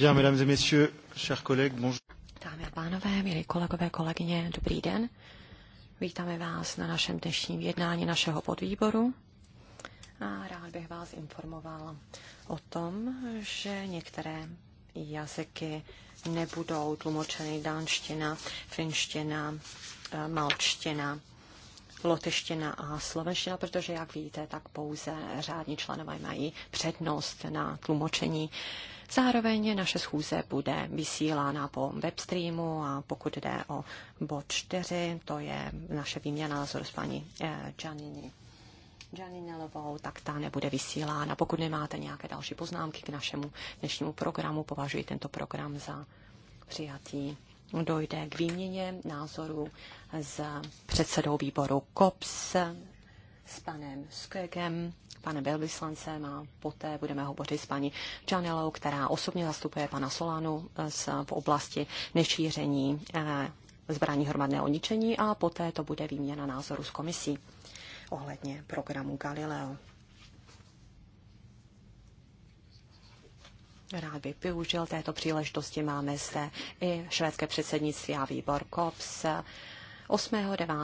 Bien, mesdames et messieurs, chers collègues, bonjour. Dámy a pánové, milí kolegové, kolegyně, dobrý den. Vítáme vás na našem dnešním jednání našeho podvýboru. A rád bych vás informoval o tom, že některé jazyky nebudou tlumočeny dánština, finština, eh, malčtina loteština a slovenština, protože, jak víte, tak pouze řádní členové mají přednost na tlumočení. Zároveň naše schůze bude vysílána po webstreamu a pokud jde o bod 4, to je naše výměna názoru s paní Janiny. Eh, Janinelovou, tak ta nebude vysílána. Pokud nemáte nějaké další poznámky k našemu dnešnímu programu, považuji tento program za přijatý dojde k výměně názorů s předsedou výboru COPS, s panem Skegem, panem velvyslancem a poté budeme hovořit s paní Janelou, která osobně zastupuje pana Solanu eh, v oblasti nešíření eh, zbraní hromadného ničení a poté to bude výměna názoru s komisí ohledně programu Galileo. Rád bych využil této příležitosti. Máme zde i švédské předsednictví a výbor COPS. 8. 9.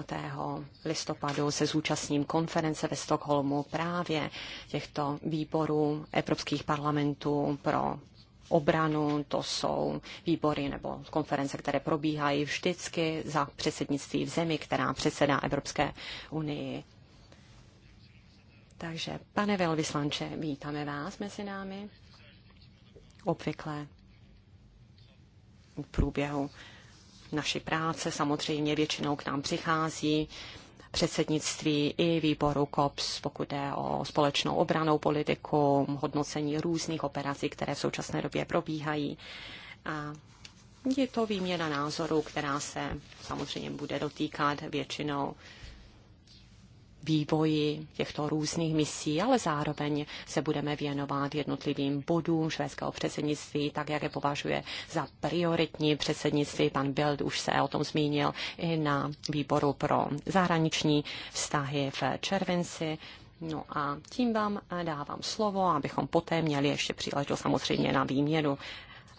listopadu se zúčastním konference ve Stockholmu právě těchto výborů evropských parlamentů pro obranu, to jsou výbory nebo konference, které probíhají vždycky za předsednictví v zemi, která předsedá Evropské unii. Takže, pane velvyslanče, vítáme vás mezi námi obvyklé v průběhu naší práce. Samozřejmě většinou k nám přichází předsednictví i výboru COPS, pokud je o společnou obranou politiku, hodnocení různých operací, které v současné době probíhají. A je to výměna názorů, která se samozřejmě bude dotýkat většinou vývoji těchto různých misí, ale zároveň se budeme věnovat jednotlivým bodům švédského předsednictví, tak jak je považuje za prioritní předsednictví. Pan Bild už se o tom zmínil i na výboru pro zahraniční vztahy v červenci. No a tím vám dávám slovo, abychom poté měli ještě příležitost samozřejmě na výměnu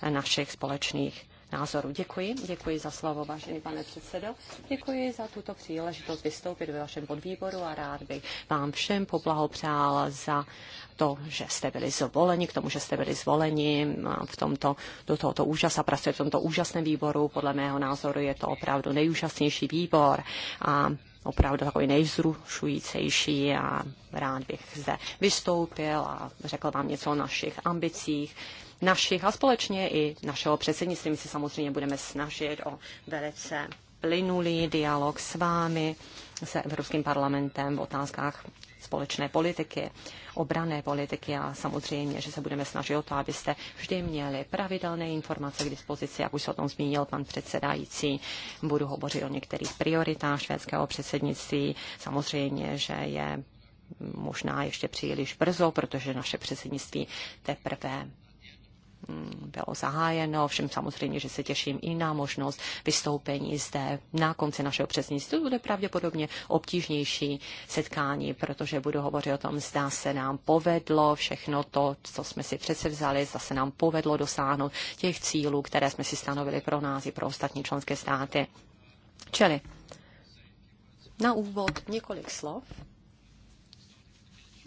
našich společných názoru. Děkuji, děkuji za slovo, vážený pane předsedo. Děkuji za tuto příležitost vystoupit ve vašem podvýboru a rád bych vám všem poblahopřál za to, že jste byli zvoleni, k tomu, že jste byli zvoleni v tomto, do tohoto úžasa, pracuje v tomto úžasném výboru. Podle mého názoru je to opravdu nejúžasnější výbor a opravdu takový nejvzrušujícejší a rád bych zde vystoupil a řekl vám něco o našich ambicích, našich a společně i našeho předsednictví. My se samozřejmě budeme snažit o velice plynulý dialog s vámi, se Evropským parlamentem v otázkách společné politiky, obrané politiky a samozřejmě, že se budeme snažit o to, abyste vždy měli pravidelné informace k dispozici, jak už se o tom zmínil pan předsedající. Budu hovořit o některých prioritách švédského předsednictví. Samozřejmě, že je možná ještě příliš brzo, protože naše předsednictví teprve Mm, bylo zahájeno. Všem samozřejmě, že se těším i na možnost vystoupení zde na konci našeho předsednictví. To bude pravděpodobně obtížnější setkání, protože budu hovořit o tom, zda se nám povedlo všechno to, co jsme si přece vzali, zda se nám povedlo dosáhnout těch cílů, které jsme si stanovili pro nás i pro ostatní členské státy. Čili na úvod několik slov.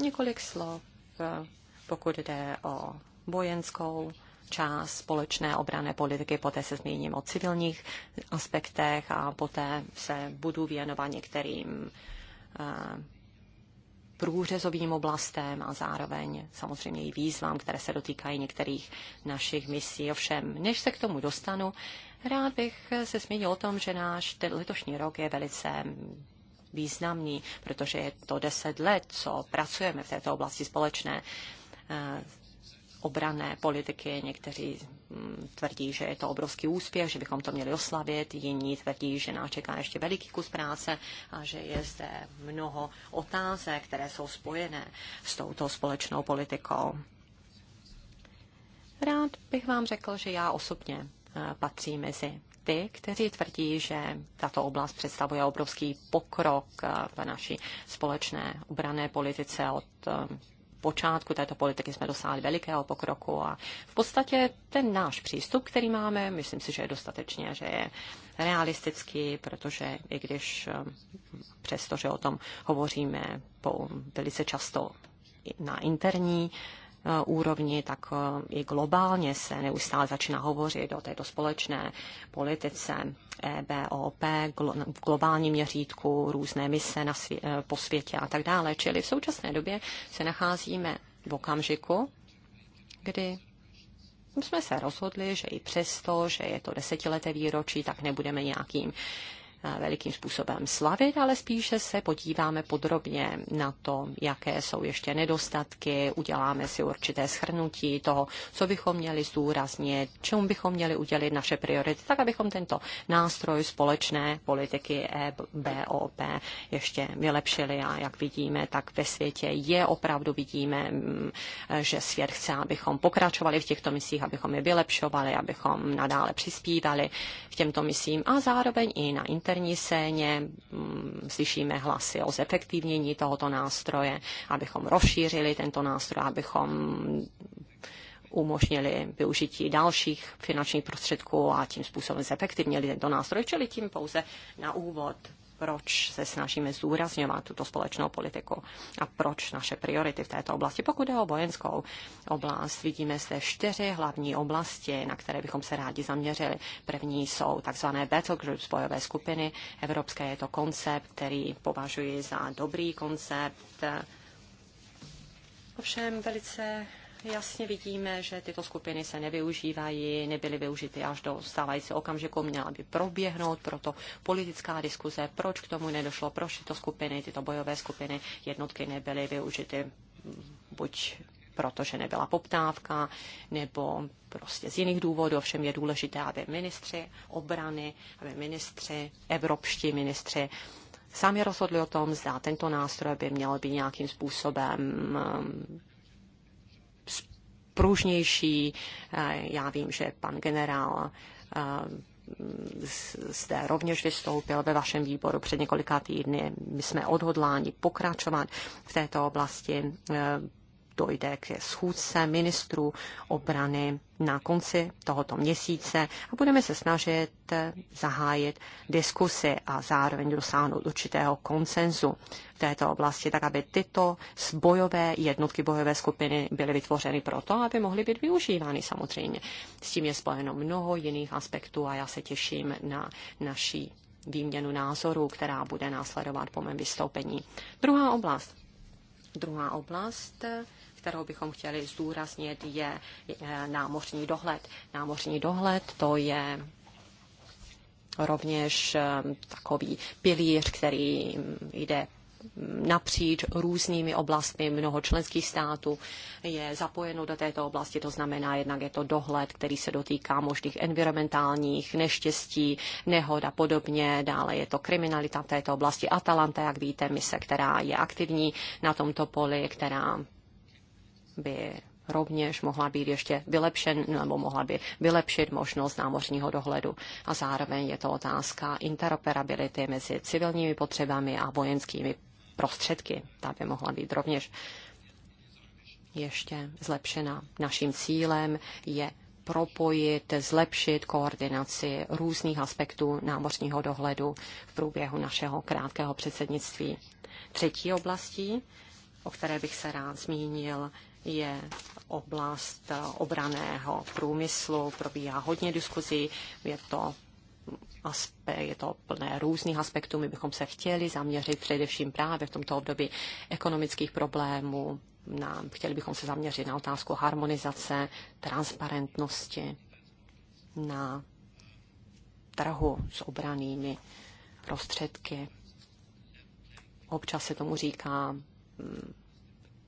Několik slov, eh, pokud jde o vojenskou část společné obrané politiky, poté se zmíním o civilních aspektech a poté se budu věnovat některým eh, průřezovým oblastem a zároveň samozřejmě i výzvám, které se dotýkají některých našich misí. Ovšem, než se k tomu dostanu, rád bych se zmínil o tom, že náš letošní rok je velice významný, protože je to deset let, co pracujeme v této oblasti společné eh, obrané politiky. Někteří mm, tvrdí, že je to obrovský úspěch, že bychom to měli oslavit, jiní tvrdí, že nás čeká ještě veliký kus práce a že je zde mnoho otázek, které jsou spojené s touto společnou politikou. Rád bych vám řekl, že já osobně eh, patří mezi ty, kteří tvrdí, že tato oblast představuje obrovský pokrok eh, v naší společné obrané politice od eh, počátku této politiky jsme dosáhli velikého pokroku a v podstatě ten náš přístup, který máme, myslím si, že je dostatečně, že je realistický, protože i když um, přesto, že o tom hovoříme po, velice často na interní Eh, úrovni, tak eh, i globálně se neustále začíná hovořit o této společné politice EBOP, v globálním měřítku, různé mise na svě- eh, po světě a tak dále. Čili v současné době se nacházíme v okamžiku, kdy jsme se rozhodli, že i přesto, že je to desetileté výročí, tak nebudeme nějakým uh, velikým způsobem slavit, ale spíše se podíváme podrobně na to, jaké jsou ještě nedostatky, uděláme si určité schrnutí toho, co bychom měli zdůraznit, čemu bychom měli udělit naše priority, tak abychom tento nástroj společné politiky EBOP ještě vylepšili a jak vidíme, tak ve světě je opravdu vidíme, mm, že svět chce, abychom pokračovali v těchto misích, abychom je vylepšovali, abychom nadále přispívali k těmto misím a zároveň i na internetu interní scéně mm, slyšíme hlasy o zefektivnění tohoto nástroje, abychom rozšířili tento nástroj, abychom umožnili využití dalších finančních prostředků a tím způsobem zefektivnili tento nástroj, čili tím pouze na úvod proč se snažíme zúrazňovat tuto společnou politiku a proč naše priority v této oblasti. Pokud jde o vojenskou oblast, vidíme se čtyři hlavní oblasti, na které bychom se rádi zaměřili. První jsou tzv. battle groups, bojové skupiny. Evropské je to koncept, který považuji za dobrý koncept. Ovšem velice jasně vidíme, že tyto skupiny se nevyužívají, nebyly využity až do stávající okamžiku, měla by proběhnout, proto politická diskuze, proč k tomu nedošlo, proč tyto skupiny, tyto bojové skupiny, jednotky nebyly využity buď protože nebyla poptávka, nebo prostě z jiných důvodů. Ovšem je důležité, aby ministři obrany, aby ministři, evropští ministři, sami rozhodli o tom, zda tento nástroj by měl být nějakým způsobem pružnější. Eh, já vím, že pan generál eh, zde rovněž vystoupil ve vašem výboru před několika týdny. My jsme odhodláni pokračovat v této oblasti eh, dojde k schůzce ministrů obrany na konci tohoto měsíce a budeme se snažit zahájit diskusy a zároveň dosáhnout určitého konsenzu v této oblasti, tak aby tyto bojové jednotky, bojové skupiny byly vytvořeny proto, aby mohly být využívány samozřejmě. S tím je spojeno mnoho jiných aspektů a já se těším na naší výměnu názorů, která bude následovat po mém vystoupení. Druhá oblast. Druhá oblast kterou bychom chtěli zdůraznit, je námořní dohled. Námořní dohled to je rovněž eh, takový pilíř, který jde napříč různými oblastmi mnoho členských států je zapojeno do této oblasti, to znamená jednak je to dohled, který se dotýká možných environmentálních neštěstí, nehod a podobně, dále je to kriminalita v této oblasti Atalanta, jak víte, mise, která je aktivní na tomto poli, která by rovněž mohla být ještě vylepšen, nebo mohla by vylepšit možnost námořního dohledu. A zároveň je to otázka interoperability mezi civilními potřebami a vojenskými prostředky. Ta by mohla být rovněž ještě zlepšena. Naším cílem je propojit, zlepšit koordinaci různých aspektů námořního dohledu v průběhu našeho krátkého předsednictví. Třetí oblastí, o které bych se rád zmínil, je oblast obraného průmyslu, probíhá hodně diskuzí, je to aspekt, je to plné různých aspektů. My bychom se chtěli zaměřit především právě v tomto období ekonomických problémů. Na, chtěli bychom se zaměřit na otázku harmonizace, transparentnosti, na trhu s obranými prostředky. Občas se tomu říká mm,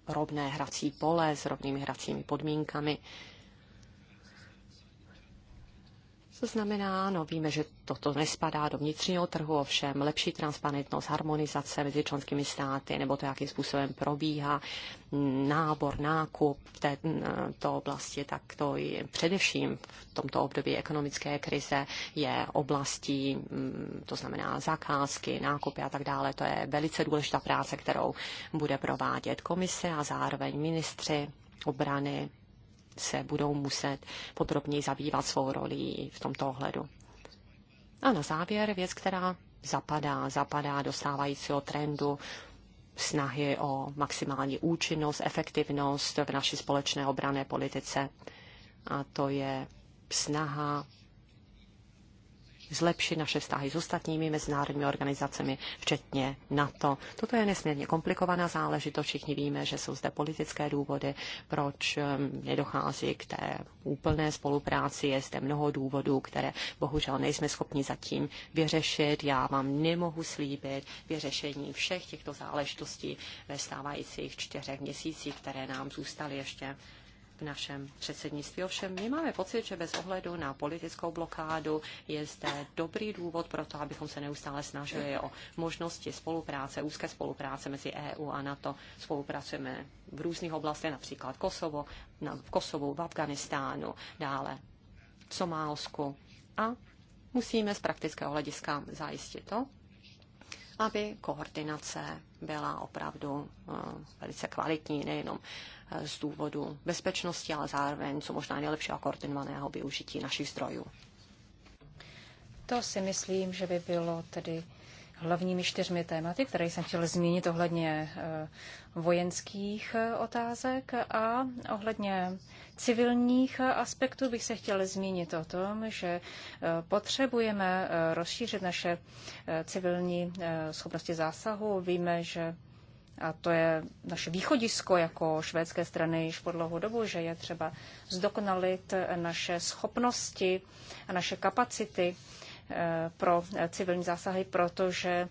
rovné hrací pole s rovnými hracími podmínkami To znamená, no víme, že toto nespadá do vnitřního trhu, ovšem lepší transparentnost, harmonizace mezi členskými státy, nebo to, jakým způsobem probíhá nábor, nákup v této eh, oblasti, tak to je především v tomto období ekonomické krize je oblastí, mm, to znamená zakázky, nákupy a tak dále. To je velice důležitá práce, kterou bude provádět komise a zároveň ministři obrany se budou muset podrobněji zabývat svou roli v tomto ohledu. A na závěr věc, která zapadá, zapadá do stávajícího trendu snahy o maximální účinnost, efektivnost v naší společné obrané politice. A to je snaha zlepšit naše vztahy s ostatními mezinárodními organizacemi, včetně NATO. Toto je nesmírně komplikovaná záležitost. Všichni víme, že jsou zde politické důvody, proč nedochází k té úplné spolupráci. Je zde mnoho důvodů, které bohužel nejsme schopni zatím vyřešit. Já vám nemohu slíbit vyřešení všech těchto záležitostí ve stávajících čtyřech měsících, které nám zůstaly ještě v našem předsednictví. Ovšem my máme pocit, že bez ohledu na politickou blokádu je zde dobrý důvod pro to, abychom se neustále snažili o možnosti spolupráce, úzké spolupráce mezi EU a NATO. Spolupracujeme v různých oblastech, například Kosovo, na, v Kosovu, v Afganistánu, dále v Somálsku a musíme z praktického hlediska zajistit to, aby koordinace byla opravdu eh, velice kvalitní, nejenom eh, z důvodu bezpečnosti, ale zároveň co možná nejlepšího koordinovaného využití našich zdrojů. To si myslím, že by bylo tedy hlavními čtyřmi tématy, které jsem chtěla zmínit ohledně eh, vojenských otázek a ohledně civilních aspektů bych se chtěl zmínit o tom, že eh, potřebujeme eh, rozšířit naše eh, civilní schopnosti zásahu. Víme, že a to je naše východisko jako švédské strany již po dlouhou dobu, že je třeba zdokonalit naše schopnosti a naše kapacity pro civilní zásahy, protože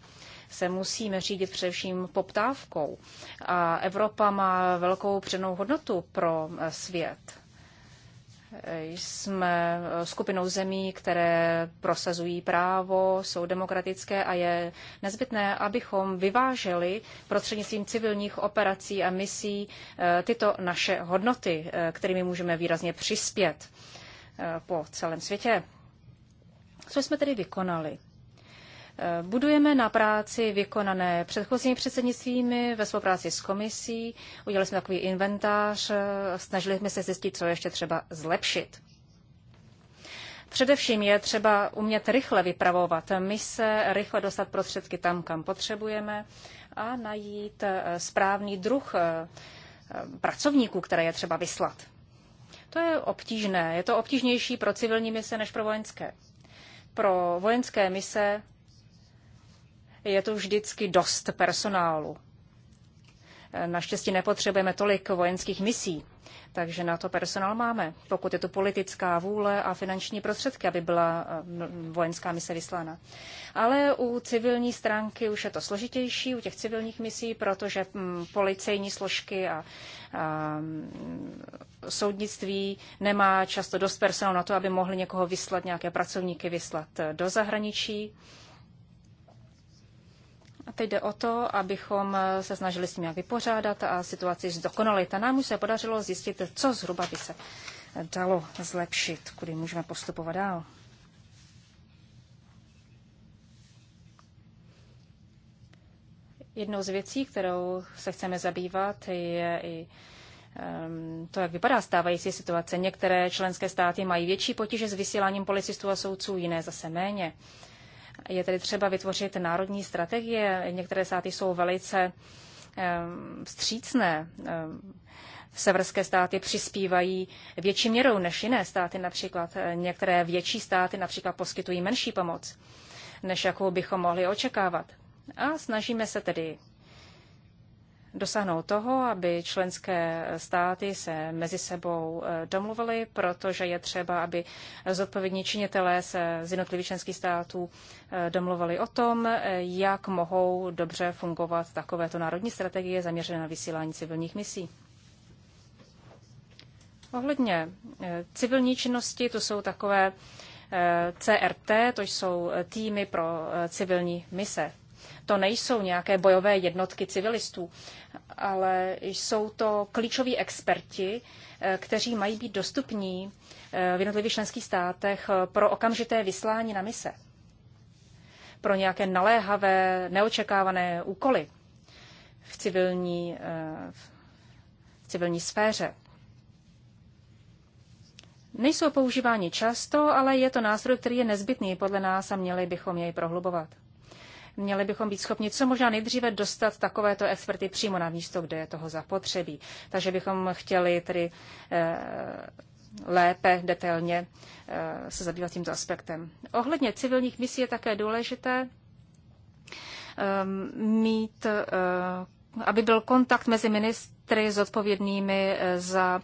se musíme řídit především poptávkou. A Evropa má velkou přednou hodnotu pro eh, svět. Eh, jsme eh, skupinou zemí, které prosazují právo, jsou demokratické a je nezbytné, abychom vyváželi prostřednictvím civilních operací a misí tyto naše hodnoty, kterými můžeme výrazně přispět po celém světě. Co jsme tedy vykonali? Budujeme na práci vykonané předchozími předsednictvími ve spolupráci s komisí. Udělali jsme takový inventář, snažili jsme se zjistit, co ještě třeba zlepšit. Především je třeba umět rychle vypravovat mise, rychle dostat prostředky tam, kam potřebujeme a najít eh, správný druh eh, pracovníků, které je třeba vyslat. To je obtížné. Je to obtížnější pro civilní mise než pro vojenské. Pro vojenské mise je tu vždycky dost personálu. Naštěstí nepotřebujeme tolik vojenských misí, takže na to personál máme, pokud je tu politická vůle a finanční prostředky, aby byla eh, vojenská mise vyslána. Ale u civilní stránky už je to složitější, u těch civilních misí, protože hm, policejní složky a, a hm, soudnictví nemá často dost personálu na to, aby mohli někoho vyslat, nějaké pracovníky vyslat eh, do zahraničí. A teď jde o to, abychom se snažili s tím jak vypořádat a situaci zdokonalit. A nám už se podařilo zjistit, co zhruba by se dalo zlepšit, kudy můžeme postupovat dál. Jednou z věcí, kterou se chceme zabývat, je i ehm, to, jak vypadá stávající situace. Některé členské státy mají větší potíže s vysíláním policistů a soudců, jiné zase méně. Je tedy třeba vytvořit národní strategie. Některé státy jsou velice vstřícné. Severské státy přispívají větší měrou než jiné státy, například eh, některé větší státy například poskytují menší pomoc, než jakou bychom mohli očekávat. A snažíme se tedy dosáhnout toho, aby členské státy se mezi sebou eh, domluvily, protože je třeba, aby zodpovědní činitelé se z jednotlivých členských států eh, domluvili o tom, eh, jak mohou dobře fungovat takovéto národní strategie zaměřené na vysílání civilních misí. Ohledně civilní činnosti, to jsou takové CRT, to jsou týmy pro civilní mise. To nejsou nějaké bojové jednotky civilistů, ale jsou to klíčoví experti, eh, kteří mají být dostupní eh, v jednotlivých členských státech eh, pro okamžité vyslání na mise, pro nějaké naléhavé, neočekávané úkoly v civilní, v civilní sféře. Nejsou používáni často, ale je to nástroj, který je nezbytný podle nás a měli bychom jej prohlubovat měli bychom být schopni co možná nejdříve dostat takovéto experty přímo na místo, kde je toho zapotřebí. Takže bychom chtěli tedy eh, lépe, detailně eh, se zabývat tímto aspektem. Ohledně civilních misí je také důležité eh, mít, aby byl kontakt mezi ministry zodpovědnými za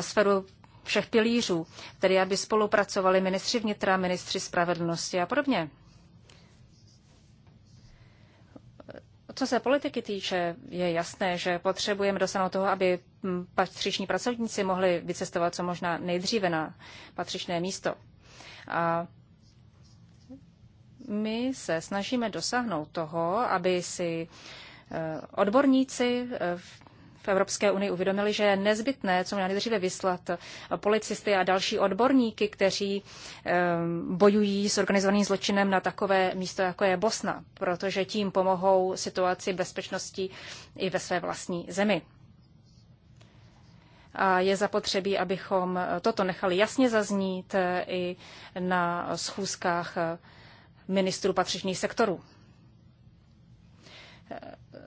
sféru všech pilířů, tedy aby spolupracovali ministři vnitra, ministři spravedlnosti a podobně. Co se politiky týče, je jasné, že potřebujeme dosáhnout toho, aby patřiční pracovníci mohli vycestovat co možná nejdříve na patřičné místo. A my se snažíme dosáhnout toho, aby si eh, odborníci eh, v v Evropské unii uvědomili, že je nezbytné co nejdříve vyslat policisty a další odborníky, kteří eh, bojují s organizovaným zločinem na takové místo, jako je Bosna, protože tím pomohou situaci bezpečnosti i ve své vlastní zemi. A je zapotřebí, abychom toto nechali jasně zaznít eh, i na schůzkách eh, ministrů patřičných sektorů.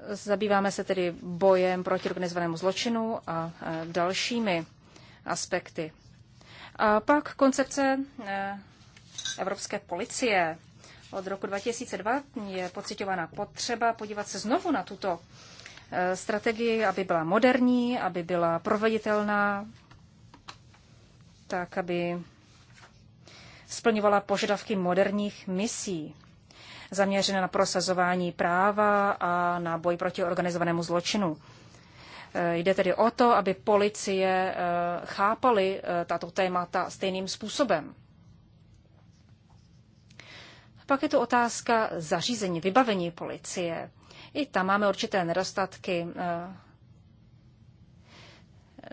Zabýváme se tedy bojem proti organizovanému zločinu a e, dalšími aspekty. A pak koncepce e, Evropské policie od roku 2002 je pocitována potřeba podívat se znovu na tuto e, strategii, aby byla moderní, aby byla proveditelná, tak aby splňovala požadavky moderních misí zaměřené na prosazování práva a na boj proti organizovanému zločinu. E, jde tedy o to, aby policie e, chápaly e, tato témata stejným způsobem. Pak je tu otázka zařízení, vybavení policie. I tam máme určité nedostatky.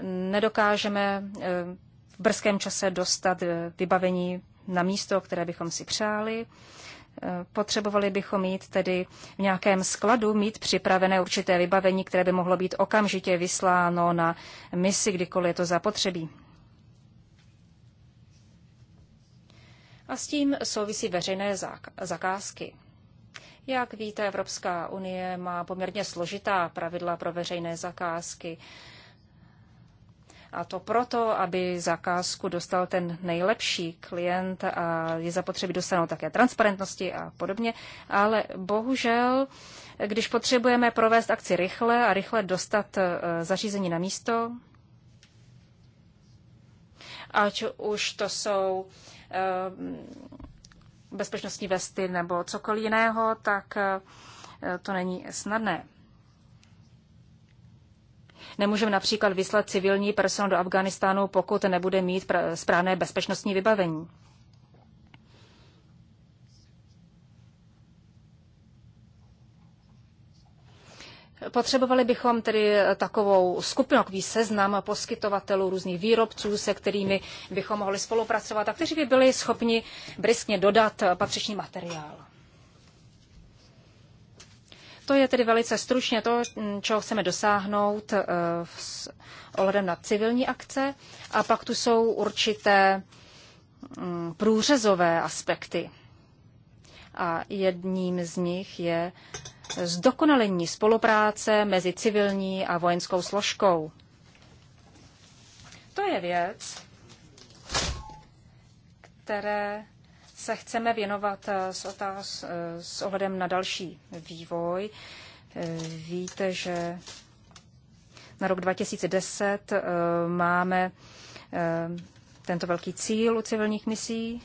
Nedokážeme v brzkém čase dostat vybavení na místo, které bychom si přáli. Potřebovali bychom mít tedy v nějakém skladu, mít připravené určité vybavení, které by mohlo být okamžitě vysláno na misi, kdykoliv je to zapotřebí. A s tím souvisí veřejné zakázky. Jak víte, Evropská unie má poměrně složitá pravidla pro veřejné zakázky. A to proto, aby zakázku dostal ten nejlepší klient a je zapotřebí dostanout také transparentnosti a podobně. Ale bohužel, když potřebujeme provést akci rychle a rychle dostat e, zařízení na místo, ať už to jsou e, bezpečnostní vesty nebo cokoliv jiného, tak e, to není snadné. Nemůžeme například vyslat civilní personál do Afganistánu, pokud nebude mít správné bezpečnostní vybavení. Potřebovali bychom tedy takovou skupinu, takový seznam poskytovatelů, různých výrobců, se kterými bychom mohli spolupracovat a kteří by byli schopni briskně dodat patřičný materiál. To je tedy velice stručně to, čeho chceme dosáhnout eh, s ohledem na civilní akce. A pak tu jsou určité mm, průřezové aspekty. A jedním z nich je zdokonalení spolupráce mezi civilní a vojenskou složkou. To je věc, které se chceme věnovat eh, s, otáz, eh, s ohledem na další vývoj. Eh, víte, že na rok 2010 máme tento velký cíl u civilních misí.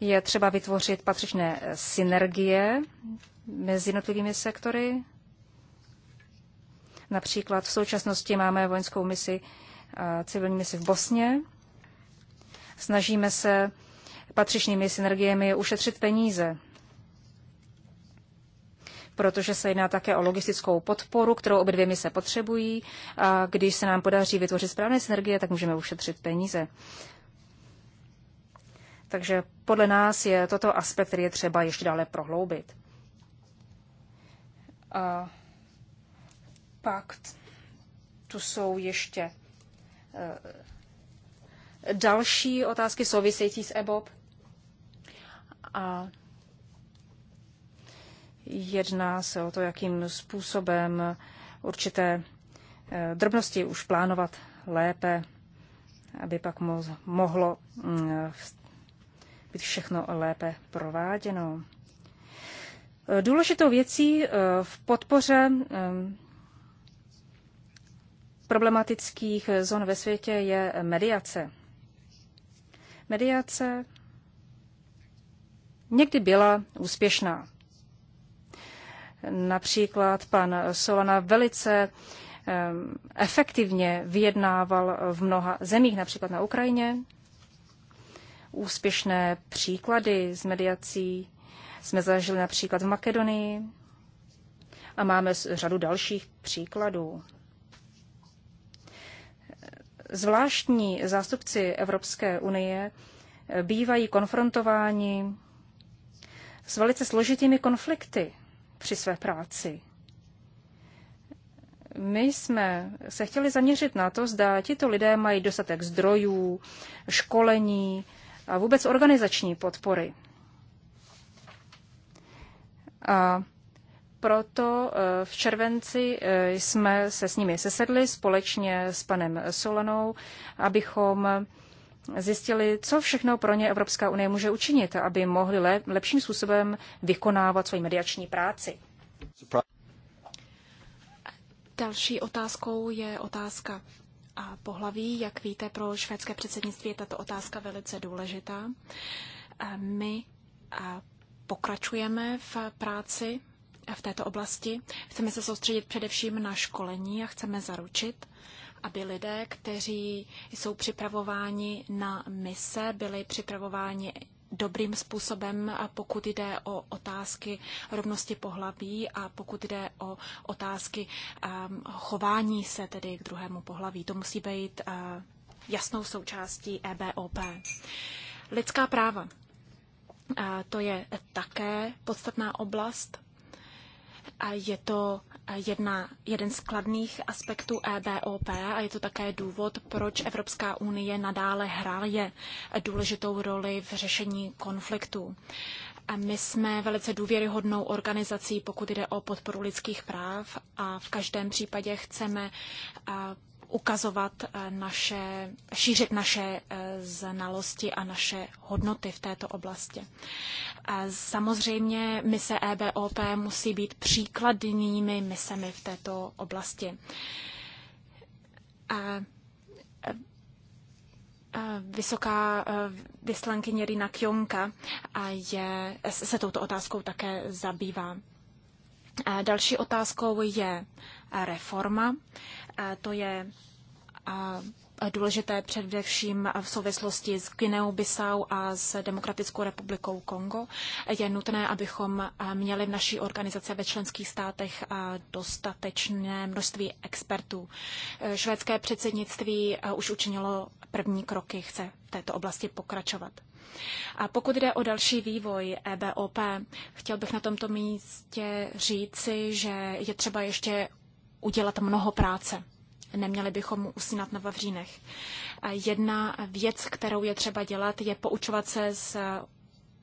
Je třeba vytvořit patřičné synergie mezi jednotlivými sektory. Například v současnosti máme vojenskou misi a civilní misi v Bosně. Snažíme se patřičnými synergiemi ušetřit peníze, protože se jedná také o logistickou podporu, kterou obě dvě mise potřebují. A když se nám podaří vytvořit správné synergie, tak můžeme ušetřit peníze. Takže podle nás je toto aspekt, který je třeba ještě dále prohloubit. A pak tu jsou ještě eh, další otázky související s EBOB. A jedná se o to, jakým způsobem určité eh, drobnosti už plánovat lépe, aby pak mohlo mm, být všechno lépe prováděno. Důležitou věcí eh, v podpoře eh, problematických zón ve světě je mediace mediace někdy byla úspěšná. Například pan Solana velice efektivně vyjednával v mnoha zemích, například na Ukrajině. Úspěšné příklady z mediací jsme zažili například v Makedonii a máme řadu dalších příkladů. Zvláštní zástupci Evropské unie bývají konfrontováni s velice složitými konflikty při své práci. My jsme se chtěli zaměřit na to, zda tito lidé mají dostatek zdrojů, školení a vůbec organizační podpory. A proto eh, v červenci eh, jsme se s nimi sesedli společně s panem Solanou, abychom zjistili, co všechno pro ně Evropská unie může učinit, aby mohli lepším způsobem vykonávat svoji mediační práci. Další otázkou je otázka a pohlaví. Jak víte, pro švédské předsednictví je tato otázka velice důležitá. Eh, my pokračujeme v práci v této oblasti. Chceme se soustředit především na školení a chceme zaručit, aby lidé, kteří jsou připravováni na mise, byli připravováni dobrým způsobem, pokud jde o otázky rovnosti pohlaví a pokud jde o otázky ehm, chování se tedy k druhému pohlaví. To musí být eh, jasnou součástí EBOP. Lidská práva. Eh, to je také podstatná oblast je to jedna, jeden z kladných aspektů EBOP a je to také důvod, proč Evropská unie nadále hraje důležitou roli v řešení konfliktů. A my jsme velice důvěryhodnou organizací, pokud jde o podporu lidských práv a v každém případě chceme ukazovat eh, naše, šířit naše eh, znalosti a naše hodnoty v této oblasti. Samozřejmě mise EBOP musí být příkladnými misemi v této oblasti. Vysoká vyslankyně Rina Kionka je, se touto otázkou také zabývá. Další otázkou je reforma. To je důležité především v souvislosti s Guineou Bissau a s Demokratickou republikou Kongo. Je nutné, abychom měli v naší organizaci ve členských státech dostatečné množství expertů. E, švédské předsednictví e, už učinilo první kroky, chce v této oblasti pokračovat. A pokud jde o další vývoj EBOP, chtěl bych na tomto místě říci, že je třeba ještě udělat mnoho práce. Neměli bychom mu usínat na vavřínech. Jedna věc, kterou je třeba dělat, je poučovat se z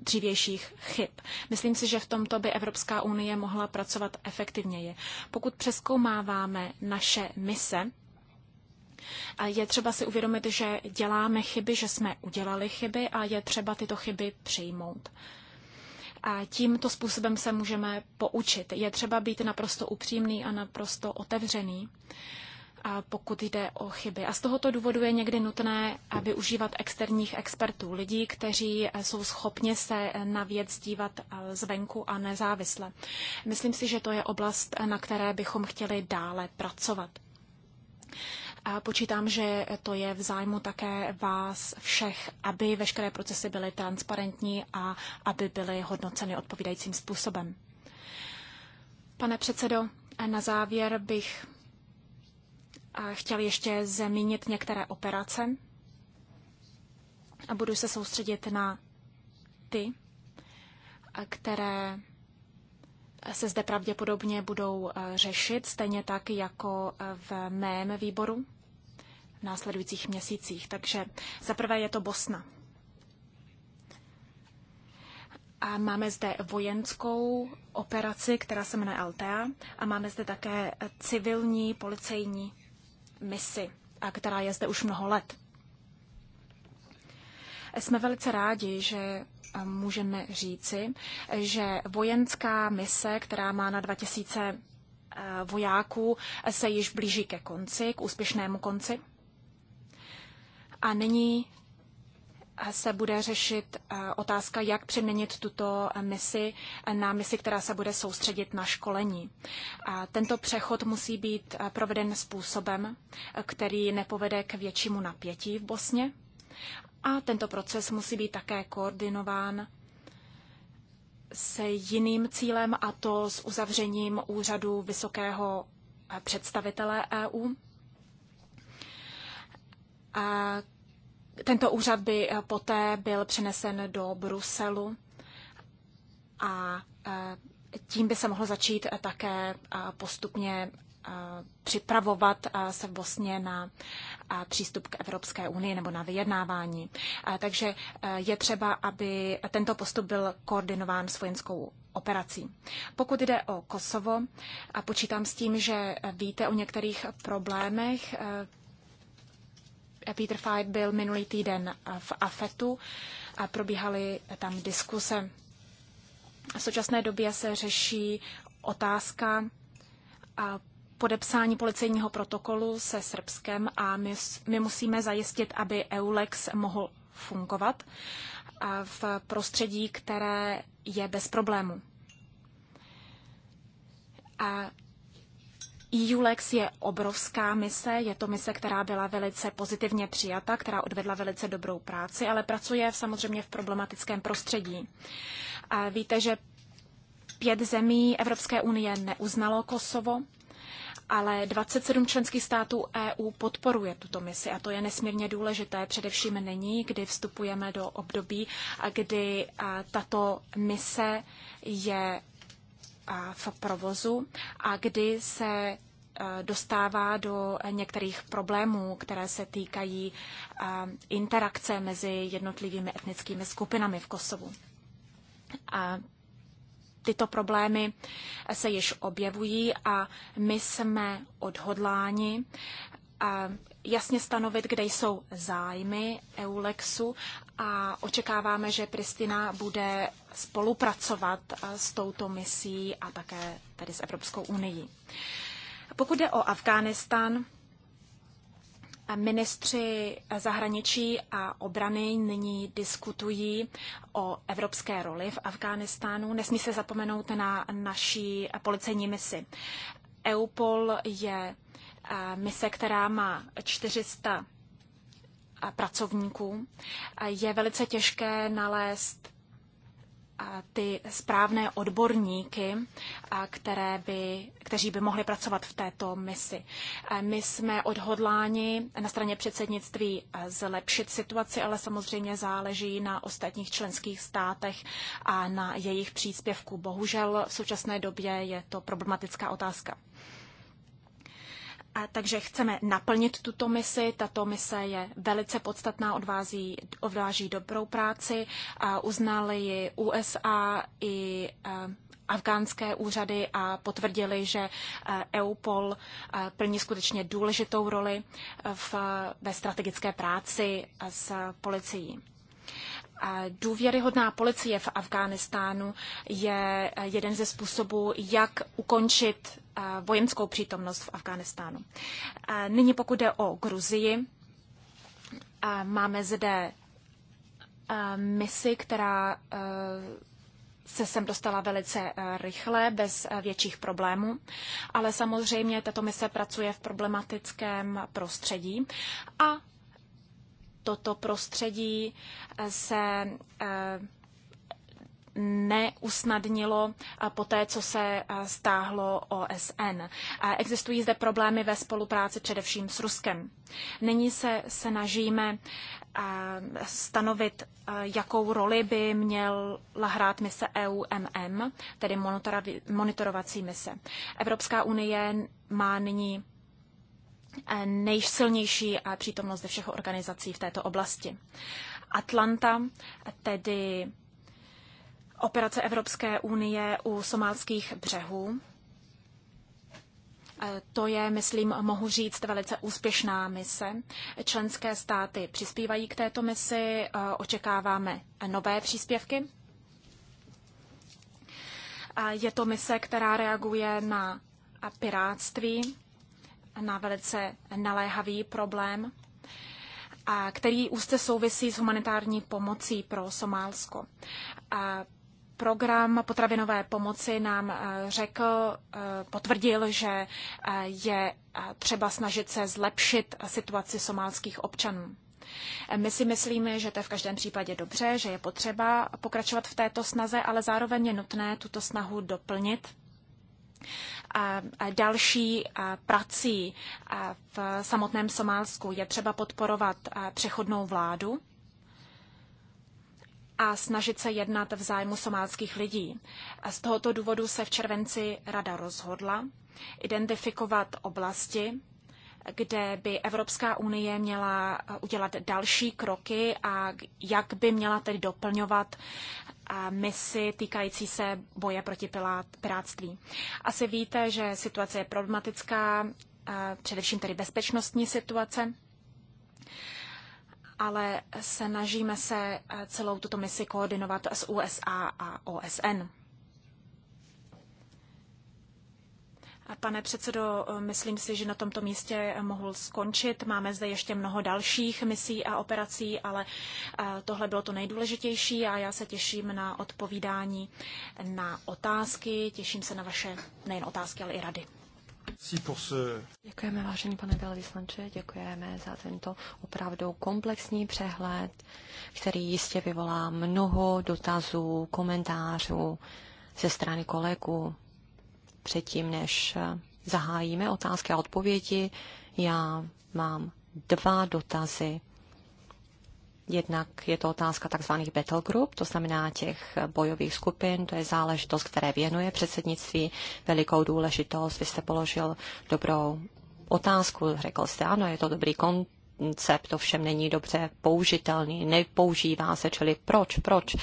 dřívějších chyb. Myslím si, že v tomto by Evropská unie mohla pracovat efektivněji. Pokud přeskoumáváme naše mise, je třeba si uvědomit, že děláme chyby, že jsme udělali chyby a je třeba tyto chyby přijmout. A tímto způsobem se můžeme poučit. Je třeba být naprosto upřímný a naprosto otevřený, a pokud jde o chyby. A z tohoto důvodu je někdy nutné využívat externích expertů, lidí, kteří jsou schopni se na věc dívat zvenku a nezávisle. Myslím si, že to je oblast, na které bychom chtěli dále pracovat. Počítám, že to je v zájmu také vás všech, aby veškeré procesy byly transparentní a aby byly hodnoceny odpovídajícím způsobem. Pane předsedo, na závěr bych chtěl ještě zmínit některé operace a budu se soustředit na ty, které se zde pravděpodobně budou eh, řešit, stejně tak jako eh, v mém výboru v následujících měsících. Takže za prvé je to Bosna. A máme zde vojenskou operaci, která se jmenuje Altea, a máme zde také civilní policejní misi, a která je zde už mnoho let. Jsme velice rádi, že můžeme říci, že vojenská mise, která má na 2000 eh, vojáků, se již blíží ke konci, k úspěšnému konci. A nyní eh, se bude řešit eh, otázka, jak přeměnit tuto misi na misi, která se bude soustředit na školení. A tento přechod musí být proveden způsobem, který nepovede k většímu napětí v Bosně a tento proces musí být také koordinován se jiným cílem, a to s uzavřením úřadu vysokého eh, představitele EU. A tento úřad by eh, poté byl přenesen do Bruselu a eh, tím by se mohlo začít také postupně připravovat se v Bosně na přístup k Evropské unii nebo na vyjednávání. Takže e, je třeba, aby tento postup byl koordinován s vojenskou operací. Pokud jde o Kosovo, a počítám s tím, že víte o některých problémech, e, Peter Fight byl minulý týden v AFETu a probíhaly tam diskuse. V současné době se řeší otázka podepsání policejního protokolu se Srbskem a my, my musíme zajistit, aby EULEX mohl fungovat v prostředí, které je bez problémů. A EULEX je obrovská mise, je to mise, která byla velice pozitivně přijata, která odvedla velice dobrou práci, ale pracuje samozřejmě v problematickém prostředí. A víte, že pět zemí Evropské unie neuznalo Kosovo ale 27 členských států EU podporuje tuto misi a to je nesmírně důležité. Především není, kdy vstupujeme do období, kdy tato mise je v provozu a kdy se dostává do některých problémů, které se týkají interakce mezi jednotlivými etnickými skupinami v Kosovu. A tyto problémy se již objevují a my jsme odhodláni jasně stanovit, kde jsou zájmy EULEXu a očekáváme, že Pristina bude spolupracovat s touto misí a také tedy s Evropskou unii. Pokud jde o Afghánistán, Ministři zahraničí a obrany nyní diskutují o evropské roli v Afghánistánu. Nesmí se zapomenout na naší policejní misi. EUPOL je eh, mise, která má 400 eh, pracovníků. Eh, je velice těžké nalézt ty správné odborníky, které by, kteří by mohli pracovat v této misi. My jsme odhodláni na straně předsednictví zlepšit situaci, ale samozřejmě záleží na ostatních členských státech a na jejich příspěvku. Bohužel v současné době je to problematická otázka. Takže chceme naplnit tuto misi. Tato mise je velice podstatná, odváží, odváží dobrou práci. Uznali ji USA i e, afgánské úřady a potvrdili, že e, EUPOL e, plní skutečně důležitou roli v, ve strategické práci s policií. Důvěryhodná policie v Afghánistánu je jeden ze způsobů, jak ukončit vojenskou přítomnost v Afghánistánu. Nyní pokud jde o Gruzii, máme zde misi, která se sem dostala velice rychle, bez větších problémů, ale samozřejmě tato mise pracuje v problematickém prostředí a toto prostředí se neusnadnilo po té, co se stáhlo OSN. Existují zde problémy ve spolupráci především s Ruskem. Nyní se snažíme stanovit, jakou roli by měla hrát mise EUMM, tedy monitorovací mise. Evropská unie má nyní nejsilnější přítomnost ze všech organizací v této oblasti. Atlanta, tedy operace Evropské unie u somálských břehů. E, to je, myslím, mohu říct, velice úspěšná mise. Členské státy přispívají k této misi, e, očekáváme nové příspěvky. Je to mise, která reaguje na piráctví, na velice naléhavý problém, který úzce souvisí s humanitární pomocí pro Somálsko program potravinové pomoci nám eh, řekl, eh, potvrdil, že eh, je třeba snažit se zlepšit situaci somálských občanů. My si myslíme, že to je v každém případě dobře, že je potřeba pokračovat v této snaze, ale zároveň je nutné tuto snahu doplnit a další prací v samotném Somálsku. Je třeba podporovat přechodnou vládu a snažit se jednat v zájmu somálských lidí. A z tohoto důvodu se v červenci rada rozhodla identifikovat oblasti, kde by Evropská unie měla eh, udělat další kroky a jak by měla tedy doplňovat eh, misi týkající se boje proti pirátství. Asi víte, že situace je problematická, eh, především tedy bezpečnostní situace ale snažíme se eh, celou tuto misi koordinovat s USA a OSN. Pane předsedo, eh, myslím si, že na tomto místě mohl skončit. Máme zde ještě mnoho dalších misí a operací, ale eh, tohle bylo to nejdůležitější a já se těším na odpovídání na otázky. Těším se na vaše nejen otázky, ale i rady. Děkujeme, vážený pane velvyslanče, děkujeme za tento opravdu komplexní přehled, který jistě vyvolá mnoho dotazů, komentářů ze strany kolegů. Předtím, než zahájíme otázky a odpovědi, já mám dva dotazy Jednak je to otázka tzv. group, to znamená těch bojových skupin, to je záležitost, které věnuje předsednictví velikou důležitost. Vy jste položil dobrou otázku, řekl jste, ano, je to dobrý kontext, koncept ovšem není dobře použitelný, nepoužívá se, čili proč, proč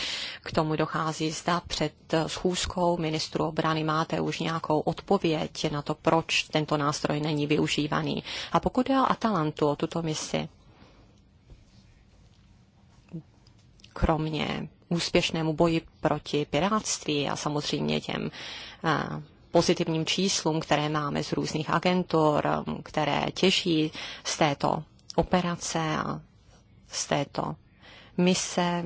k tomu dochází. Zda před schůzkou ministru obrany máte už nějakou odpověď na to, proč tento nástroj není využívaný. A pokud je o Atalantu, o tuto misi, kromě úspěšnému boji proti pirátství a samozřejmě těm eh, pozitivním číslům, které máme z různých agentur, které těší z této operace a z této mise,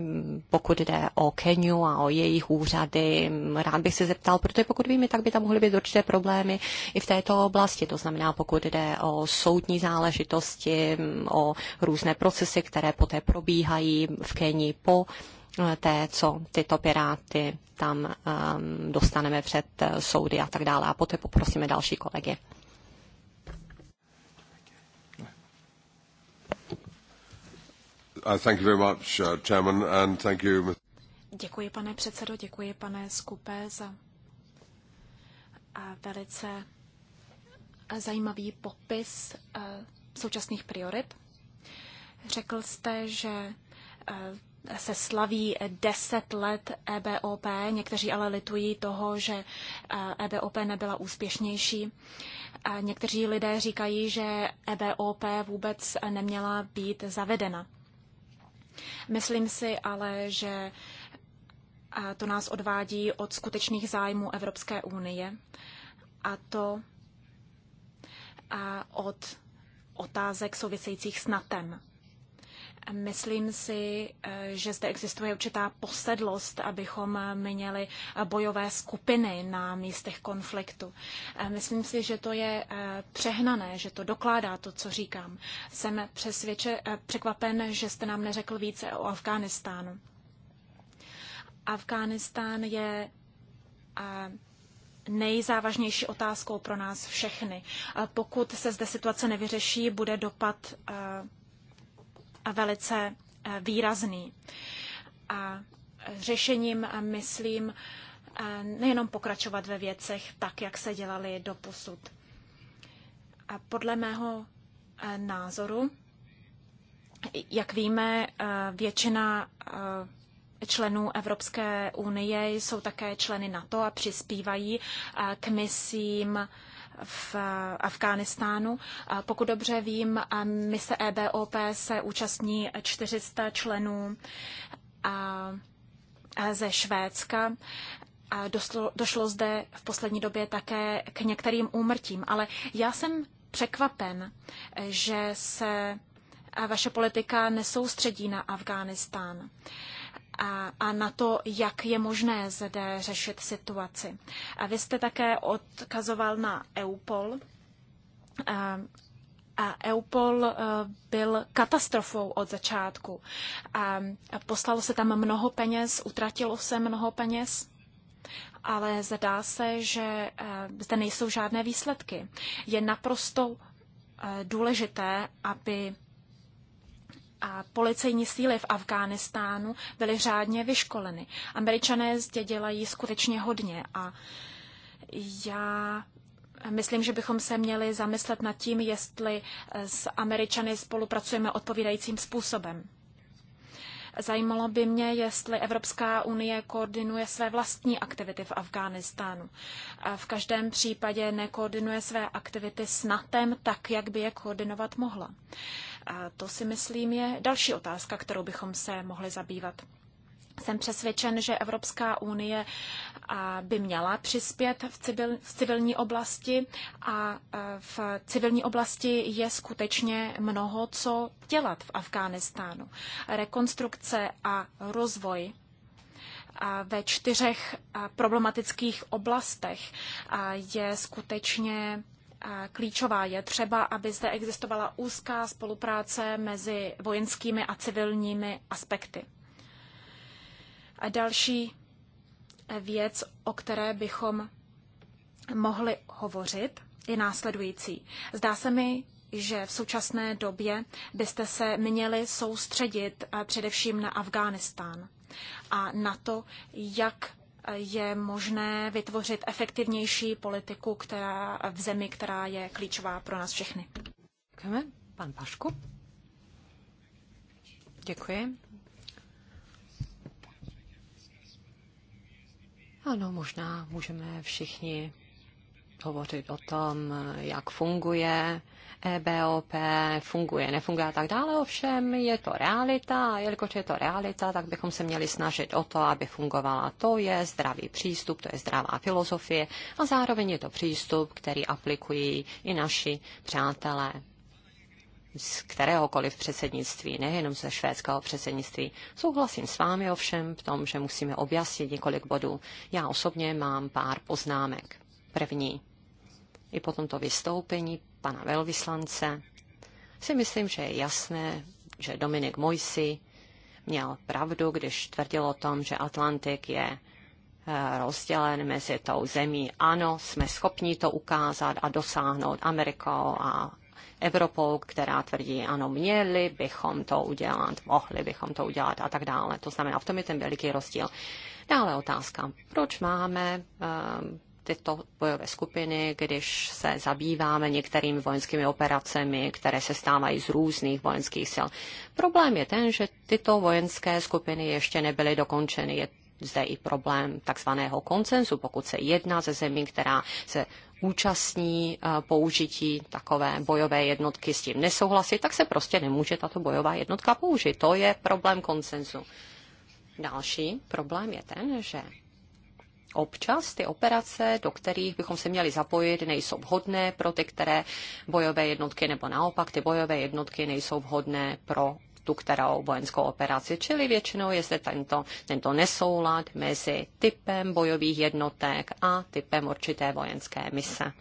pokud jde o Keniu a o jejich úřady. Rád bych se zeptal, protože pokud víme, tak by tam mohly být určité problémy i v této oblasti. To znamená, pokud jde o soudní záležitosti, o různé procesy, které poté probíhají v Kenii po eh, té, co tyto piráty tam um, dostaneme před eh, soudy a tak dále. A poté poprosíme další kolegy. Děkuji, pane předsedo, děkuji, pane Skupé, za velice zajímavý popis uh, současných priorit. Řekl jste, že uh, se slaví deset let EBOP, někteří ale litují toho, že uh, EBOP nebyla úspěšnější. Někteří lidé říkají, že EBOP vůbec neměla být zavedena. Myslím si ale, že to nás odvádí od skutečných zájmů Evropské unie a to od otázek souvisejících s NATEM. Myslím si, eh, že zde existuje určitá posedlost, abychom eh, měli eh, bojové skupiny na místech konfliktu. Myslím si, že to je přehnané, že to dokládá to, co říkám. Jsem přesvědče, překvapen, že jste nám neřekl více o Afghánistánu. Afghánistán je nejzávažnější otázkou pro nás všechny. Pokud se zde situace nevyřeší, bude dopad velice eh, výrazný. A řešením, myslím, eh, nejenom pokračovat ve věcech tak, jak se dělali do posud. A podle mého eh, názoru, jak víme, většina členů Evropské unie jsou také členy NATO a přispívají k misím v Afghánistánu. Pokud dobře vím, mise EBOP se účastní 400 členů ze Švédska. A došlo, došlo zde v poslední době také k některým úmrtím, ale já jsem překvapen, že se vaše politika nesoustředí na Afghánistán a na to, jak je možné zde řešit situaci. A vy jste také odkazoval na EUPOL. A EUPOL e, byl katastrofou od začátku. A poslalo se tam mnoho peněz, utratilo se mnoho peněz, ale zdá se, že e, zde nejsou žádné výsledky. Je naprosto e, důležité, aby a policejní síly v Afghánistánu byly řádně vyškoleny. Američané zde dělají skutečně hodně a já myslím, že bychom se měli zamyslet nad tím, jestli s Američany spolupracujeme odpovídajícím způsobem. Zajímalo by mě, jestli Evropská unie koordinuje své vlastní aktivity v Afghánistánu. V každém případě nekoordinuje své aktivity s NATO tak, jak by je koordinovat mohla to si myslím je další otázka, kterou bychom se mohli zabývat. Jsem přesvědčen, že Evropská unie by měla přispět v, civil, v civilní oblasti a v civilní oblasti je skutečně mnoho co dělat v Afghánistánu. Rekonstrukce a rozvoj ve čtyřech problematických oblastech je skutečně klíčová. Je třeba, aby zde existovala úzká spolupráce mezi vojenskými a civilními aspekty. A další věc, o které bychom mohli hovořit, je následující. Zdá se mi, že v současné době byste se měli soustředit především na Afghánistán a na to, jak je možné vytvořit efektivnější politiku která, v zemi, která je klíčová pro nás všechny. Děkujeme. Pan Pašku. Děkuji. Ano, možná můžeme všichni hovořit o tom, jak funguje E BOP funguje, nefunguje a tak dále. Ovšem je to realita a jelikož je to realita, tak bychom se měli snažit o to, aby fungovala. To je zdravý přístup, to je zdravá filozofie a zároveň je to přístup, který aplikují i naši přátelé z kteréhokoliv předsednictví, nejenom ze švédského předsednictví. Souhlasím s vámi ovšem v tom, že musíme objasnit několik bodů. Já osobně mám pár poznámek. První i po tomto vystoupení pana velvyslance si myslím, že je jasné, že Dominik Mojsi měl pravdu, když tvrdil o tom, že Atlantik je eh, rozdělen mezi tou zemí. Ano, jsme schopni to ukázat a dosáhnout Amerikou a Evropou, která tvrdí, ano, měli bychom to udělat, mohli bychom to udělat a tak dále. To znamená, v tom je ten veliký rozdíl. Dále otázka, proč máme eh, tyto bojové skupiny, když se zabýváme některými vojenskými operacemi, které se stávají z různých vojenských sil. Problém je ten, že tyto vojenské skupiny ještě nebyly dokončeny. Je zde i problém takzvaného koncenzu, pokud se jedná ze zemí, která se účastní eh, použití takové bojové jednotky s tím nesouhlasí, tak se prostě nemůže tato bojová jednotka použít. To je problém koncenzu. Další problém je ten, že Občas ty operace, do kterých bychom se měli zapojit, nejsou vhodné pro ty, které bojové jednotky, nebo naopak ty bojové jednotky nejsou vhodné pro tu kterou vojenskou operaci, čili většinou je zde tento, tento nesoulad mezi typem bojových jednotek a typem určité vojenské mise.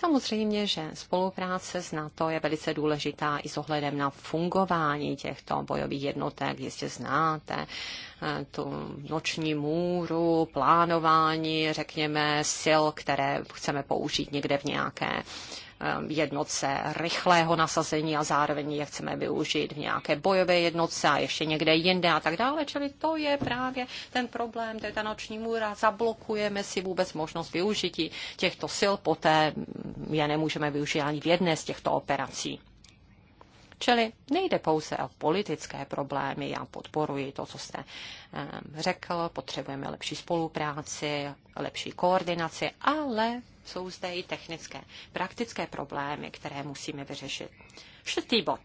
Samozřejmě, že spolupráce s NATO je velice důležitá i s ohledem na fungování těchto bojových jednotek. Jistě znáte eh, tu noční můru, plánování, řekněme, sil, které chceme použít někde v nějaké uh, Um, jednotce rychlého nasazení a zároveň je chceme využít v nějaké bojové jednotce a ještě někde jinde a tak dále. Čili to je právě ten problém, to je ta noční můra. Zablokujeme si vůbec možnost využití těchto sil, poté je nemůžeme využít ani v jedné z těchto operací. Čili nejde pouze o politické problémy, já podporuji to, co jste řekl, potřebujeme lepší spolupráci, lepší koordinaci, ale jsou zde i technické, praktické problémy, které musíme vyřešit. Šestý bod.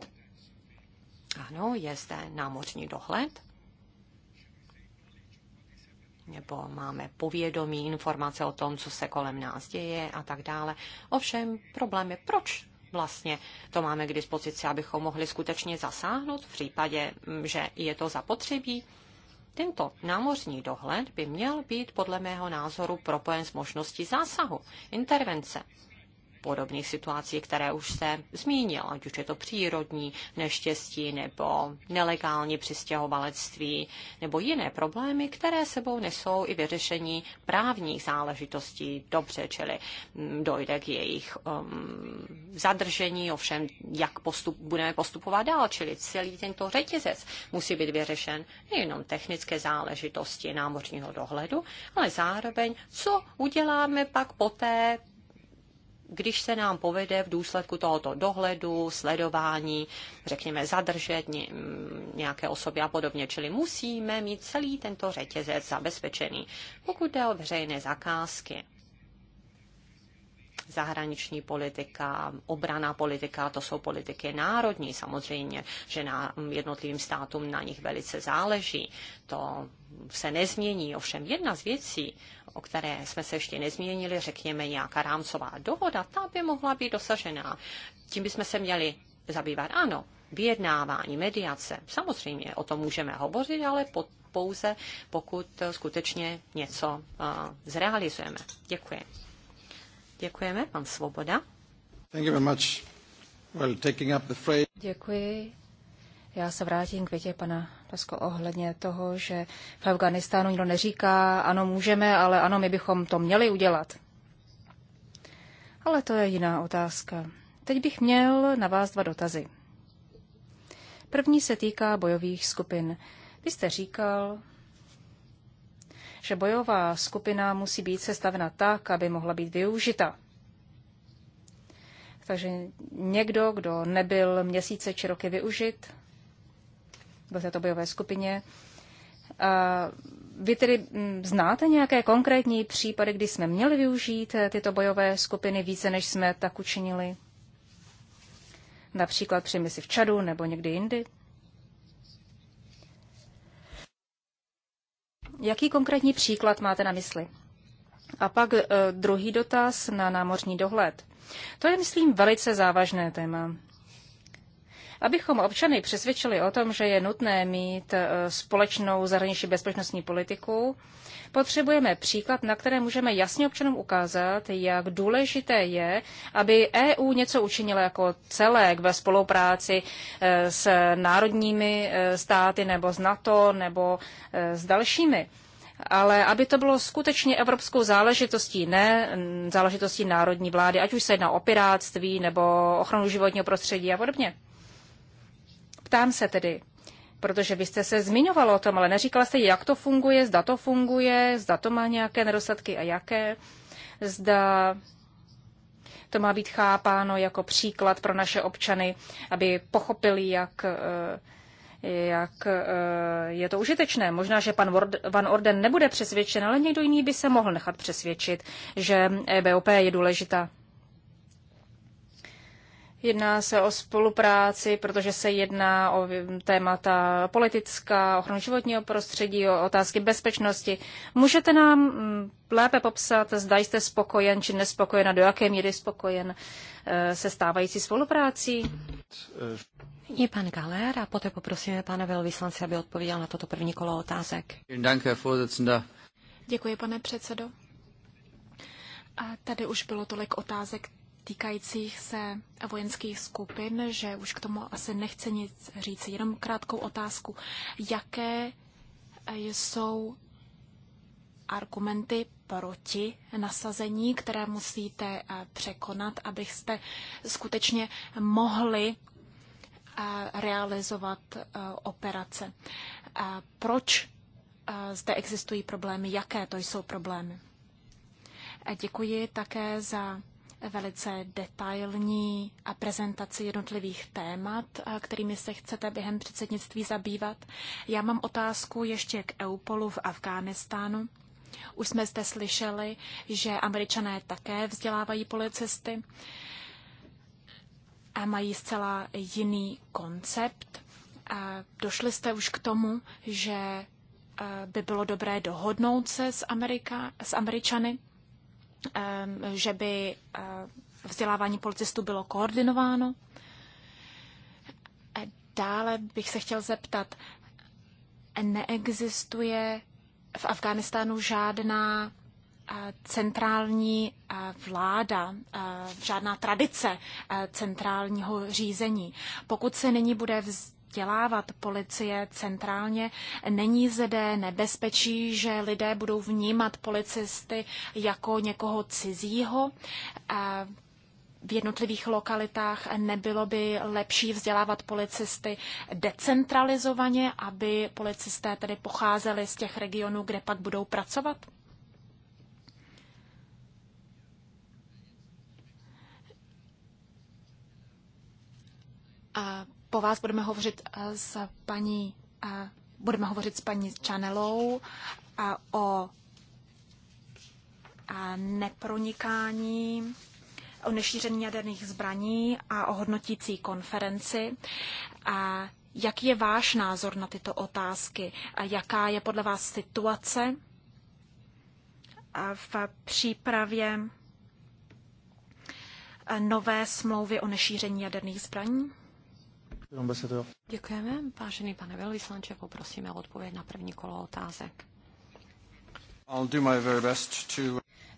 Ano, je zde námořní dohled, nebo máme povědomí, informace o tom, co se kolem nás děje a tak dále. Ovšem problém je, proč vlastně to máme k dispozici, abychom mohli skutečně zasáhnout v případě, mm, že je to zapotřebí. Tento námořní dohled by měl být podle mého názoru propojen s možností zásahu, intervence podobných situací, které už se zmínil, ať už je to přírodní neštěstí nebo nelegální přistěhovalectví nebo jiné problémy, které sebou nesou i vyřešení právních záležitostí dobře, čili mm, dojde k jejich um, zadržení, ovšem jak postup, budeme postupovat dál, čili celý tento řetězec musí být vyřešen nejenom technické záležitosti námořního dohledu, ale zároveň, co uděláme pak poté, když se nám povede v důsledku tohoto dohledu, sledování, řekněme, zadržet mm, nějaké osoby a podobně. Čili musíme mít celý tento řetězec zabezpečený. Pokud jde o veřejné zakázky, zahraniční politika, obraná politika, to jsou politiky národní samozřejmě, že na jednotlivým státům na nich velice záleží. To se nezmění. Ovšem jedna z věcí, o které jsme se ještě nezměnili, řekněme nějaká rámcová dohoda, ta by mohla být dosažená. Tím bychom se měli zabývat. Ano, vyjednávání, mediace, samozřejmě o tom můžeme hovořit, ale pod, pouze pokud skutečně něco uh, zrealizujeme. Děkuji. Děkujeme, pan Svoboda. Thank you very much. Well, taking up the phrase... Děkuji. Já se vrátím k větě pana Otázka ohledně toho, že v Afganistánu nikdo neříká, ano, můžeme, ale ano, my bychom to měli udělat. Ale to je jiná otázka. Teď bych měl na vás dva dotazy. První se týká bojových skupin. Vy jste říkal, že bojová skupina musí být sestavena tak, aby mohla být využita. Takže někdo, kdo nebyl měsíce či roky využit, v této bojové skupině. A vy tedy mm, znáte nějaké konkrétní případy, kdy jsme měli využít eh, tyto bojové skupiny více, než jsme tak učinili? Například při misi v Čadu nebo někdy jindy? Jaký konkrétní příklad máte na mysli? A pak e, druhý dotaz na námořní dohled. To je, myslím, velice závažné téma. Abychom občany přesvědčili o tom, že je nutné mít e, společnou zahraniční bezpečnostní politiku, potřebujeme příklad, na které můžeme jasně občanům ukázat, jak důležité je, aby EU něco učinila jako celek ve spolupráci e, s národními e, státy nebo s NATO nebo s dalšími ale aby to bylo skutečně evropskou záležitostí, ne záležitostí národní vlády, ať už se jedná o piráctví nebo ochranu životního prostředí a podobně. Ptám se tedy, protože vy jste se zmiňovala o tom, ale neříkala jste, jak to funguje, zda to funguje, zda to má nějaké nedostatky a jaké, zda to má být chápáno jako příklad pro naše občany, aby pochopili, jak, eh, jak eh, je to užitečné. Možná, že pan Van Orden nebude přesvědčen, ale někdo jiný by se mohl nechat přesvědčit, že EBOP je důležitá. Jedná se o spolupráci, protože se jedná o témata politická, ochranu životního prostředí, o otázky bezpečnosti. Můžete nám mm, lépe popsat, zda jste spokojen či nespokojen a do jaké míry spokojen eh, se stávající spoluprácí? Je pan Galer a poté poprosíme pana velvyslance, aby odpověděl na toto první kolo otázek. Děkuji, pane předsedo. A tady už bylo tolik otázek, týkajících se vojenských skupin, že už k tomu asi nechce nic říct. Jenom krátkou otázku. Jaké eh, jsou argumenty proti nasazení, které musíte eh, překonat, abyste skutečně mohli eh, realizovat operace. Proč zde existují problémy? Jaké to jsou problémy? Děkuji také za velice detailní a prezentaci jednotlivých témat, kterými se chcete během předsednictví zabývat. Já mám otázku ještě k EUPOLu v Afghánistánu. Už jsme zde slyšeli, že američané také vzdělávají policisty a mají zcela jiný koncept. A došli jste už k tomu, že by bylo dobré dohodnout se s, Amerika, s Američany že by eh, vzdělávání policistů bylo koordinováno. Eh, dále bych se chtěl zeptat, neexistuje v Afghánistánu žádná eh, centrální vláda, žádná tradice centrálního řízení. Pokud se nyní bude vzdělávání, vzdělávat policie centrálně. Není zde nebezpečí, že lidé budou vnímat policisty jako někoho cizího. V jednotlivých lokalitách nebylo by lepší vzdělávat policisty decentralizovaně, aby policisté tedy pocházeli z těch regionů, kde pak budou pracovat? A po vás budeme hovořit eh, s paní, eh, budeme hovořit s paní Chanelou a eh, o a nepronikání, o nešíření jaderných zbraní a o hodnotící konferenci. A jaký je váš názor na tyto otázky? A jaká je podle vás situace v přípravě nové smlouvy o nešíření jaderných zbraní? Děkujeme. Vážený pane velvyslanče, poprosíme o odpověď na první kolo otázek. I'll do my very best to...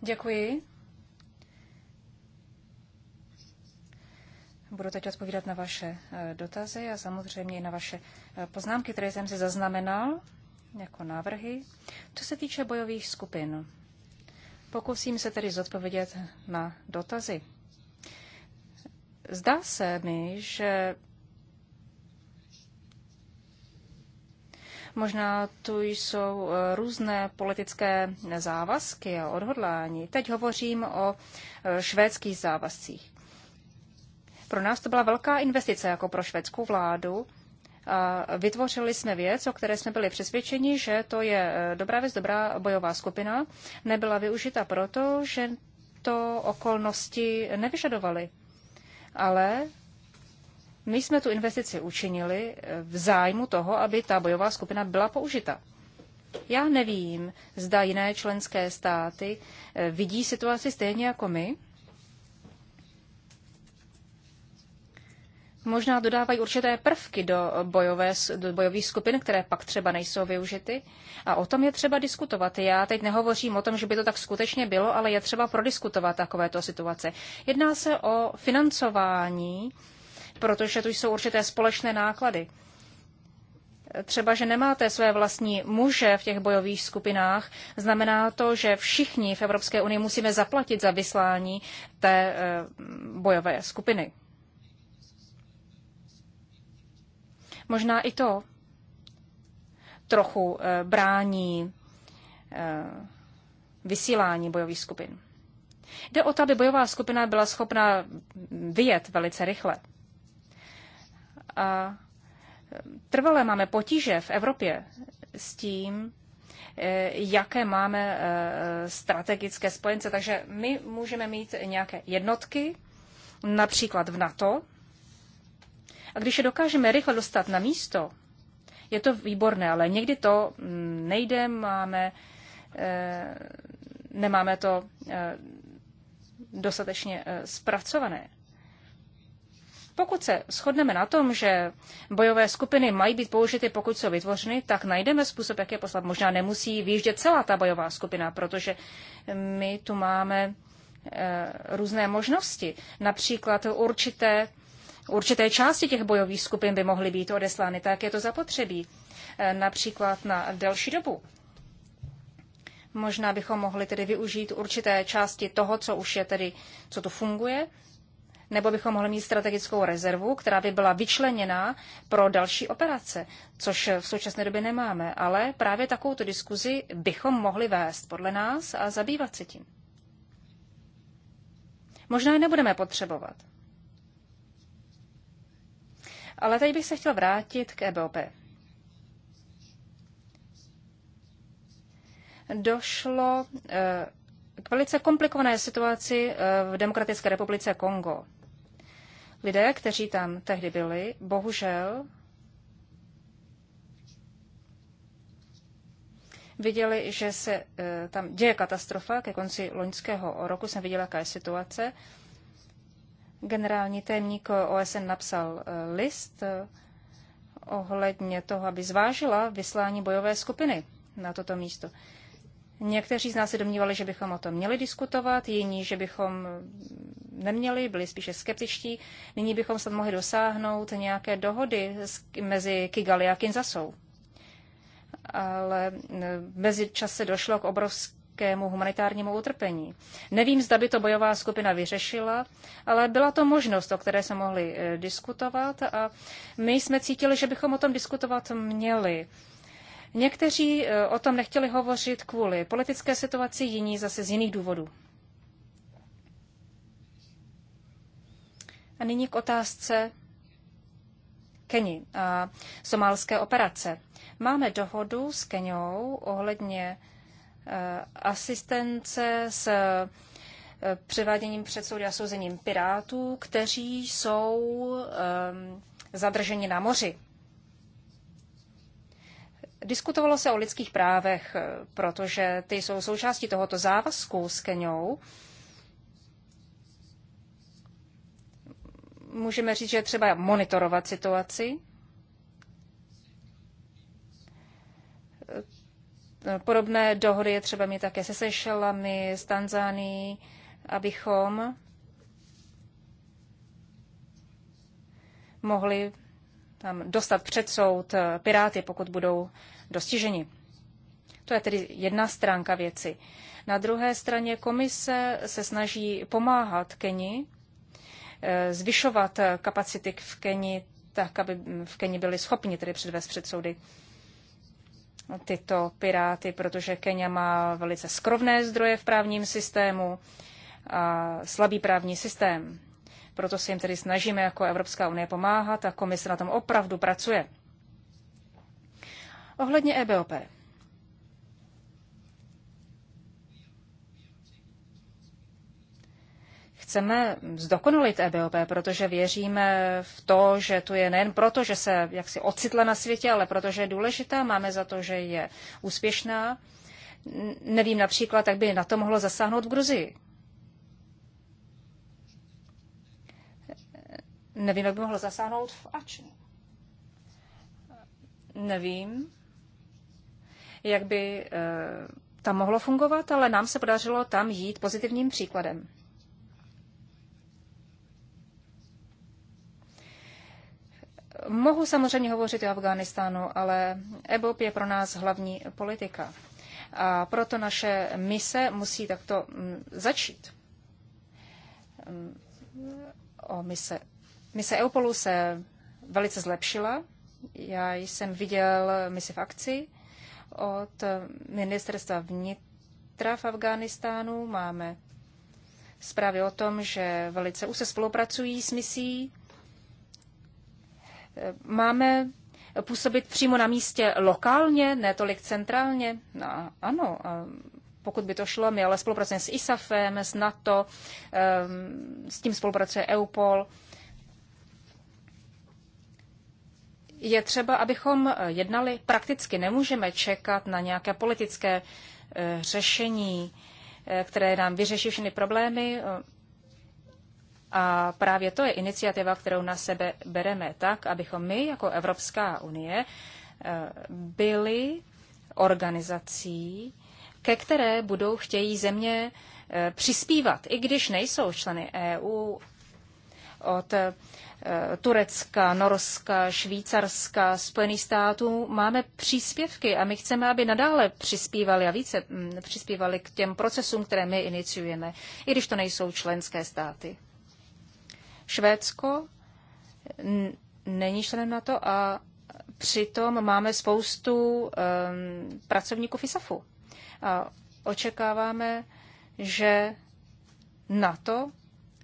Děkuji. Budu teď odpovídat na vaše eh, dotazy a samozřejmě i na vaše eh, poznámky, které jsem si zaznamenal jako návrhy. Co se týče bojových skupin, pokusím se tedy zodpovědět na dotazy. Zdá se mi, že Možná tu jsou e, různé politické závazky a odhodlání. Teď hovořím o e, švédských závazcích. Pro nás to byla velká investice jako pro švédskou vládu. A vytvořili jsme věc, o které jsme byli přesvědčeni, že to je e, dobrá věc, dobrá bojová skupina. Nebyla využita proto, že to okolnosti nevyžadovaly. Ale my jsme tu investici učinili eh, v zájmu toho, aby ta bojová skupina byla použita. Já nevím, zda jiné členské státy eh, vidí situaci stejně jako my. Možná dodávají určité prvky do, bojové, do bojových skupin, které pak třeba nejsou využity. A o tom je třeba diskutovat. Já teď nehovořím o tom, že by to tak skutečně bylo, ale je třeba prodiskutovat takovéto situace. Jedná se o financování protože tu jsou určité společné náklady. Třeba, že nemáte své vlastní muže v těch bojových skupinách, znamená to, že všichni v Evropské unii musíme zaplatit za vyslání té eh, bojové skupiny. Možná i to trochu eh, brání eh, vysílání bojových skupin. Jde o to, aby bojová skupina byla schopna vyjet velice rychle. A trvale máme potíže v Evropě s tím, eh, jaké máme eh, strategické spojence. Takže my můžeme mít nějaké jednotky, například v NATO. A když je dokážeme rychle dostat na místo, je to výborné, ale někdy to mm, nejde, máme, eh, nemáme to dostatečně zpracované. Pokud se shodneme na tom, že bojové skupiny mají být použity, pokud jsou vytvořeny, tak najdeme způsob, jak je poslat. Možná nemusí výjíždět celá ta bojová skupina, protože my tu máme e, různé možnosti. Například určité, určité části těch bojových skupin by mohly být odeslány, tak je to zapotřebí. E, například na delší dobu. Možná bychom mohli tedy využít určité části toho, co už je tedy, co tu funguje, nebo bychom mohli mít strategickou rezervu, která by byla vyčleněna pro další operace, což v současné době nemáme. Ale právě takovouto diskuzi bychom mohli vést podle nás a zabývat se tím. Možná ji nebudeme potřebovat. Ale teď bych se chtěl vrátit k EBOP. Došlo eh, k velice komplikované situaci eh, v Demokratické republice Kongo. Lidé, kteří tam tehdy byli, bohužel viděli, že se eh, tam děje katastrofa. Ke konci loňského roku jsem viděla, jaká je situace. Generální témník OSN napsal eh, list eh, ohledně toho, aby zvážila vyslání bojové skupiny na toto místo. Někteří z nás se domnívali, že bychom o tom měli diskutovat, jiní, že bychom neměli, byli spíše skeptičtí. Nyní bychom snad mohli dosáhnout nějaké dohody mezi Kigali a Kinzasou. Ale e, mezi čase došlo k obrovskému humanitárnímu utrpení. Nevím, zda by to bojová skupina vyřešila, ale byla to možnost, o které se mohli e, diskutovat a my jsme cítili, že bychom o tom diskutovat měli. Někteří e, o tom nechtěli hovořit kvůli politické situaci, jiní zase z jiných důvodů. A nyní k otázce Keni a somálské operace. Máme dohodu s Keniou ohledně e, asistence s e, převáděním před soudy a souzením pirátů, kteří jsou um, zadrženi na moři. Diskutovalo se o lidských právech, protože ty jsou součástí tohoto závazku s Keniou. můžeme říct, že třeba monitorovat situaci. Podobné dohody je třeba mít také se Sešelami, s Tanzánií, abychom mohli tam dostat před soud piráty, pokud budou dostiženi. To je tedy jedna stránka věci. Na druhé straně komise se snaží pomáhat Keni Eh, zvyšovat kapacity v Keni, tak aby v Keni byli schopni tedy předvést před soudy tyto piráty, protože Kenia má velice skrovné zdroje v právním systému a slabý právní systém. Proto se jim tedy snažíme jako Evropská unie pomáhat a komise na tom opravdu pracuje. Ohledně EBOP. chceme zdokonalit EBOP, protože věříme v to, že tu je nejen proto, že se jaksi ocitla na světě, ale protože je důležitá, máme za to, že je úspěšná. Nevím například, jak by na to mohlo zasáhnout v Gruzii. Nevím, jak by mohlo zasáhnout v Ači. Nevím, jak by eh, tam mohlo fungovat, ale nám se podařilo tam jít pozitivním příkladem. Mohu samozřejmě hovořit o Afghánistánu, ale EBOP je pro nás hlavní politika. A proto naše mise musí takto mm, začít. Mm, o mise. mise EUPOLu se velice zlepšila. Já jsem viděl misi v akci od ministerstva vnitra v Afghánistánu. Máme zprávy o tom, že velice už se spolupracují s misí Máme působit přímo na místě lokálně, ne tolik centrálně? No, ano, pokud by to šlo, my ale spolupracujeme s ISAFem, s NATO, s tím spolupracuje EUPOL. Je třeba, abychom jednali prakticky. Nemůžeme čekat na nějaké politické eh, řešení, eh, které nám vyřeší všechny problémy. A právě to je iniciativa, kterou na sebe bereme tak, abychom my jako Evropská unie eh, byli organizací, ke které budou chtějí země eh, přispívat, i když nejsou členy EU od eh, Turecka, Norska, Švýcarska, Spojených států máme příspěvky a my chceme, aby nadále přispívali a více mm, přispívali k těm procesům, které my iniciujeme, i když to nejsou členské státy. Švédsko není členem NATO a přitom máme spoustu um, pracovníků FISAFu. A očekáváme, že NATO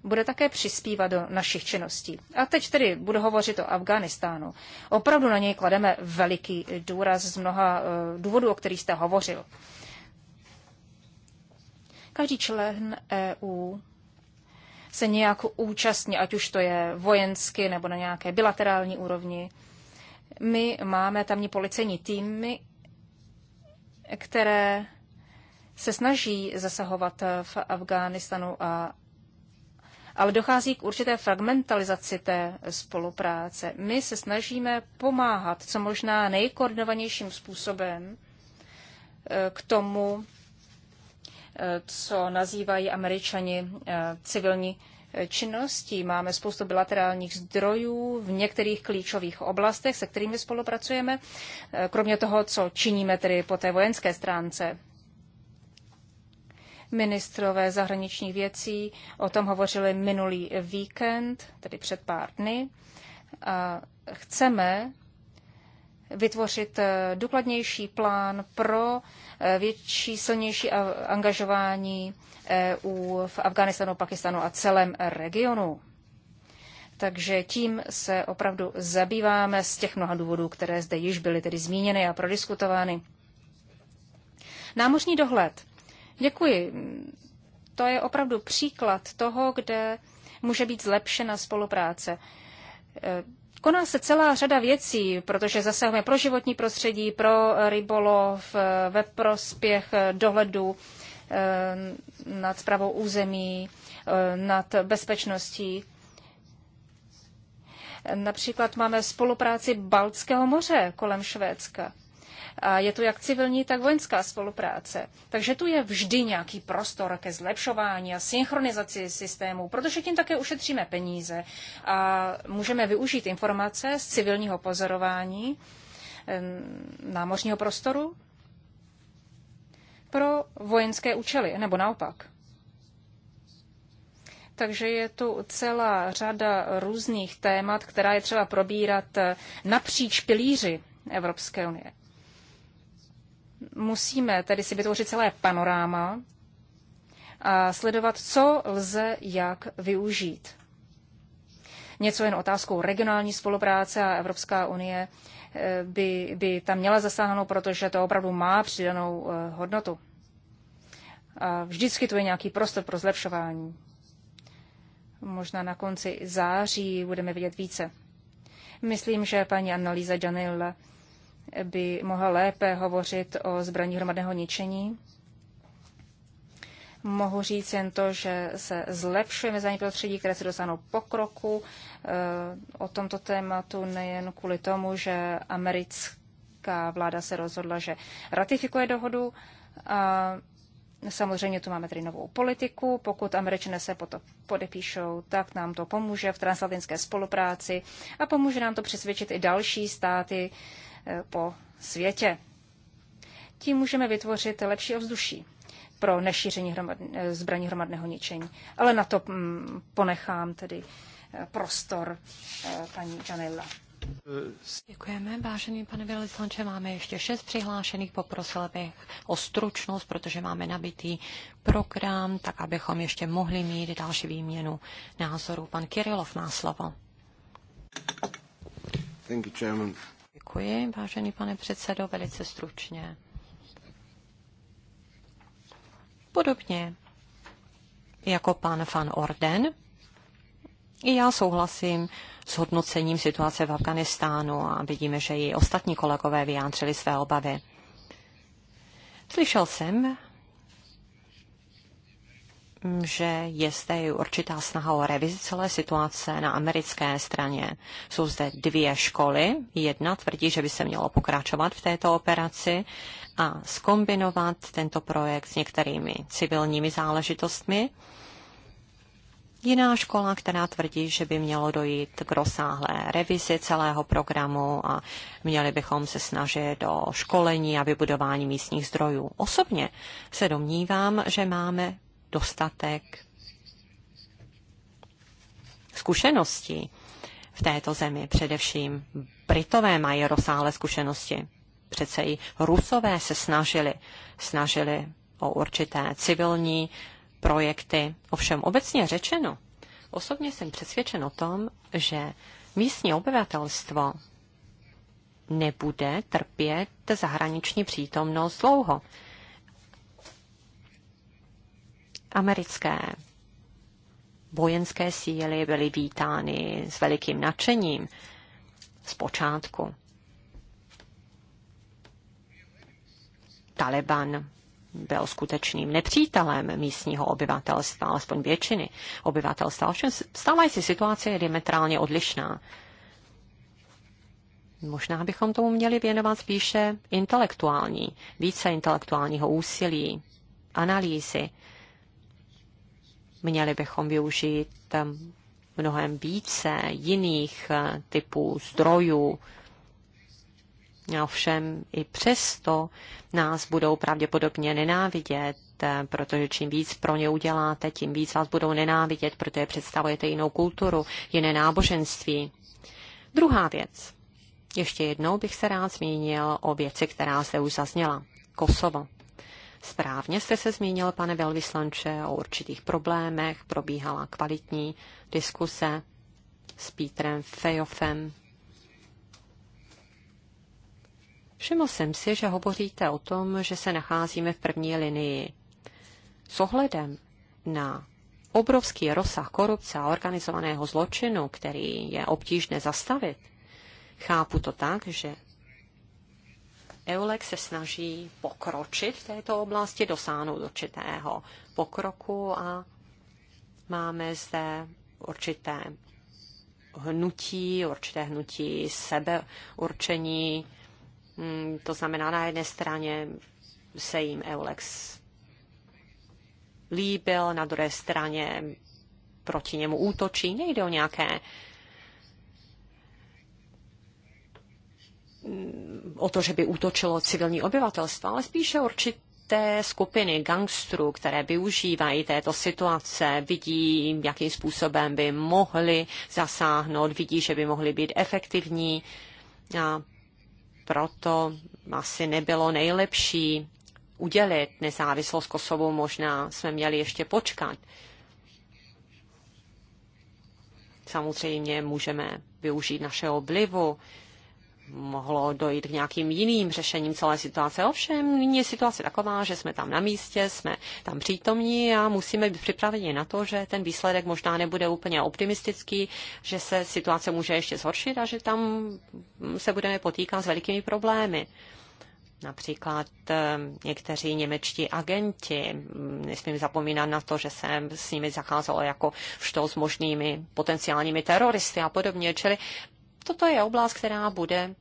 bude také přispívat do našich činností. A teď tedy budu hovořit o Afganistánu. Opravdu na něj klademe veliký důraz z mnoha eh, důvodů, o kterých jste hovořil. Každý člen EU se nějak účastní, ať už to je vojensky nebo na nějaké bilaterální úrovni. My máme tamní policejní týmy, které se snaží zasahovat v Afghánistanu, a, ale dochází k určité fragmentalizaci té spolupráce. My se snažíme pomáhat co možná nejkoordinovanějším způsobem eh, k tomu, co nazývají američani eh, civilní eh, činností. Máme spoustu bilaterálních zdrojů v některých klíčových oblastech, se kterými spolupracujeme, eh, kromě toho, co činíme tedy po té vojenské stránce. Ministrové zahraničních věcí o tom hovořili minulý víkend, tedy před pár dny. A chceme vytvořit eh, důkladnější plán pro eh, větší, silnější angažování EU v Afganistanu, Pakistanu a celém regionu. Takže tím se opravdu zabýváme z těch mnoha důvodů, které zde již byly tedy zmíněny a prodiskutovány. Námořní dohled. Děkuji. To je opravdu příklad toho, kde může být zlepšena spolupráce. Koná se celá řada věcí, protože zasahujeme pro životní prostředí, pro rybolov, eh, ve prospěch eh, dohledu eh, nad zpravou území, nad bezpečností. Například máme spolupráci Baltského moře kolem Švédska. A je tu jak civilní, tak vojenská spolupráce. Takže tu je vždy nějaký prostor ke zlepšování a synchronizaci systémů, protože tím také ušetříme peníze a můžeme využít informace z civilního pozorování námořního prostoru pro vojenské účely, nebo naopak. Takže je tu celá řada různých témat, která je třeba probírat napříč pilíři Evropské unie. Musíme tedy si vytvořit celé panoráma a sledovat, co lze jak využít. Něco jen otázkou regionální spolupráce a Evropská unie eh, by, by tam měla zasáhnout, protože to opravdu má přidanou eh, hodnotu. A vždycky tu je nějaký prostor pro zlepšování. Možná na konci září budeme vidět více. Myslím, že paní Annalíza Janil by mohla lépe hovořit o zbraní hromadného ničení. Mohu říct jen to, že se zlepšuje mezinárodní prostředí, které se dostanou pokroku eh, o tomto tématu, nejen kvůli tomu, že americká vláda se rozhodla, že ratifikuje dohodu. A Samozřejmě tu máme tedy novou politiku. Pokud američané se po to podepíšou, tak nám to pomůže v transatlantické spolupráci a pomůže nám to přesvědčit i další státy po světě. Tím můžeme vytvořit lepší ovzduší pro nešíření hromad, zbraní hromadného ničení. Ale na to mm, ponechám tedy eh, prostor eh, paní Janella. Děkujeme, vážený pane velvyslanče. Máme ještě šest přihlášených. Poprosil bych o stručnost, protože máme nabitý program, tak abychom ještě mohli mít další výměnu názorů. Pan Kirilov má slovo. Thank you, Děkuji, vážený pane předsedo, velice stručně. Podobně jako pan Van Orden, i já souhlasím s hodnocením situace v Afganistánu a vidíme, že i ostatní kolegové vyjádřili své obavy. Slyšel jsem že je zde určitá snaha o revizi celé situace na americké straně. Jsou zde dvě školy. Jedna tvrdí, že by se mělo pokračovat v této operaci a skombinovat tento projekt s některými civilními záležitostmi. Jiná škola, která tvrdí, že by mělo dojít k rozsáhlé revizi celého programu a měli bychom se snažit o školení a vybudování místních zdrojů. Osobně se domnívám, že máme dostatek zkušeností v této zemi. Především Britové mají rozsáhlé zkušenosti. Přece i Rusové se snažili, snažili o určité civilní projekty. Ovšem obecně řečeno, osobně jsem přesvědčen o tom, že místní obyvatelstvo nebude trpět zahraniční přítomnost dlouho. Americké vojenské síly byly vítány s velikým nadšením zpočátku. Taliban byl skutečným nepřítelem místního obyvatelstva, alespoň většiny obyvatelstva. Ovšem si situace je diametrálně odlišná. Možná bychom tomu měli věnovat spíše intelektuální, více intelektuálního úsilí, analýzy, Měli bychom využít eh, mnohem více jiných eh, typů zdrojů. Ovšem i přesto nás budou pravděpodobně nenávidět, eh, protože čím víc pro ně uděláte, tím víc vás budou nenávidět, protože představujete jinou kulturu, jiné náboženství. Druhá věc. Ještě jednou bych se rád zmínil o věci, která se už zazněla. Kosovo. Správně jste se zmínil, pane velvyslanče, o určitých problémech. Probíhala kvalitní diskuse s Pítrem Fejofem. Všiml jsem si, že hovoříte o tom, že se nacházíme v první linii. S ohledem na obrovský rozsah korupce a organizovaného zločinu, který je obtížné zastavit, chápu to tak, že EULEX se snaží pokročit v této oblasti, dosáhnout určitého pokroku a máme zde určité hnutí, určité hnutí sebeurčení. Mm, to znamená, na jedné straně se jim Eulex líbil, na druhé straně proti němu útočí. Nejde o nějaké o to, že by útočilo civilní obyvatelstvo, ale spíše určité skupiny gangstrů, které využívají této situace, vidí, jakým způsobem by mohli zasáhnout, vidí, že by mohli být efektivní a proto asi nebylo nejlepší udělit nezávislost Kosovu. Možná jsme měli ještě počkat. Samozřejmě můžeme využít našeho vlivu mohlo dojít k nějakým jiným řešením celé situace. Ovšem, nyní je situace taková, že jsme tam na místě, jsme tam přítomní a musíme být připraveni na to, že ten výsledek možná nebude úplně optimistický, že se situace může ještě zhoršit a že tam se budeme potýkat s velikými problémy. Například eh, někteří němečtí agenti, mm, nesmím zapomínat na to, že jsem s nimi zacházelo jako što s možnými potenciálními teroristy a podobně. Čili Toto je oblast, která bude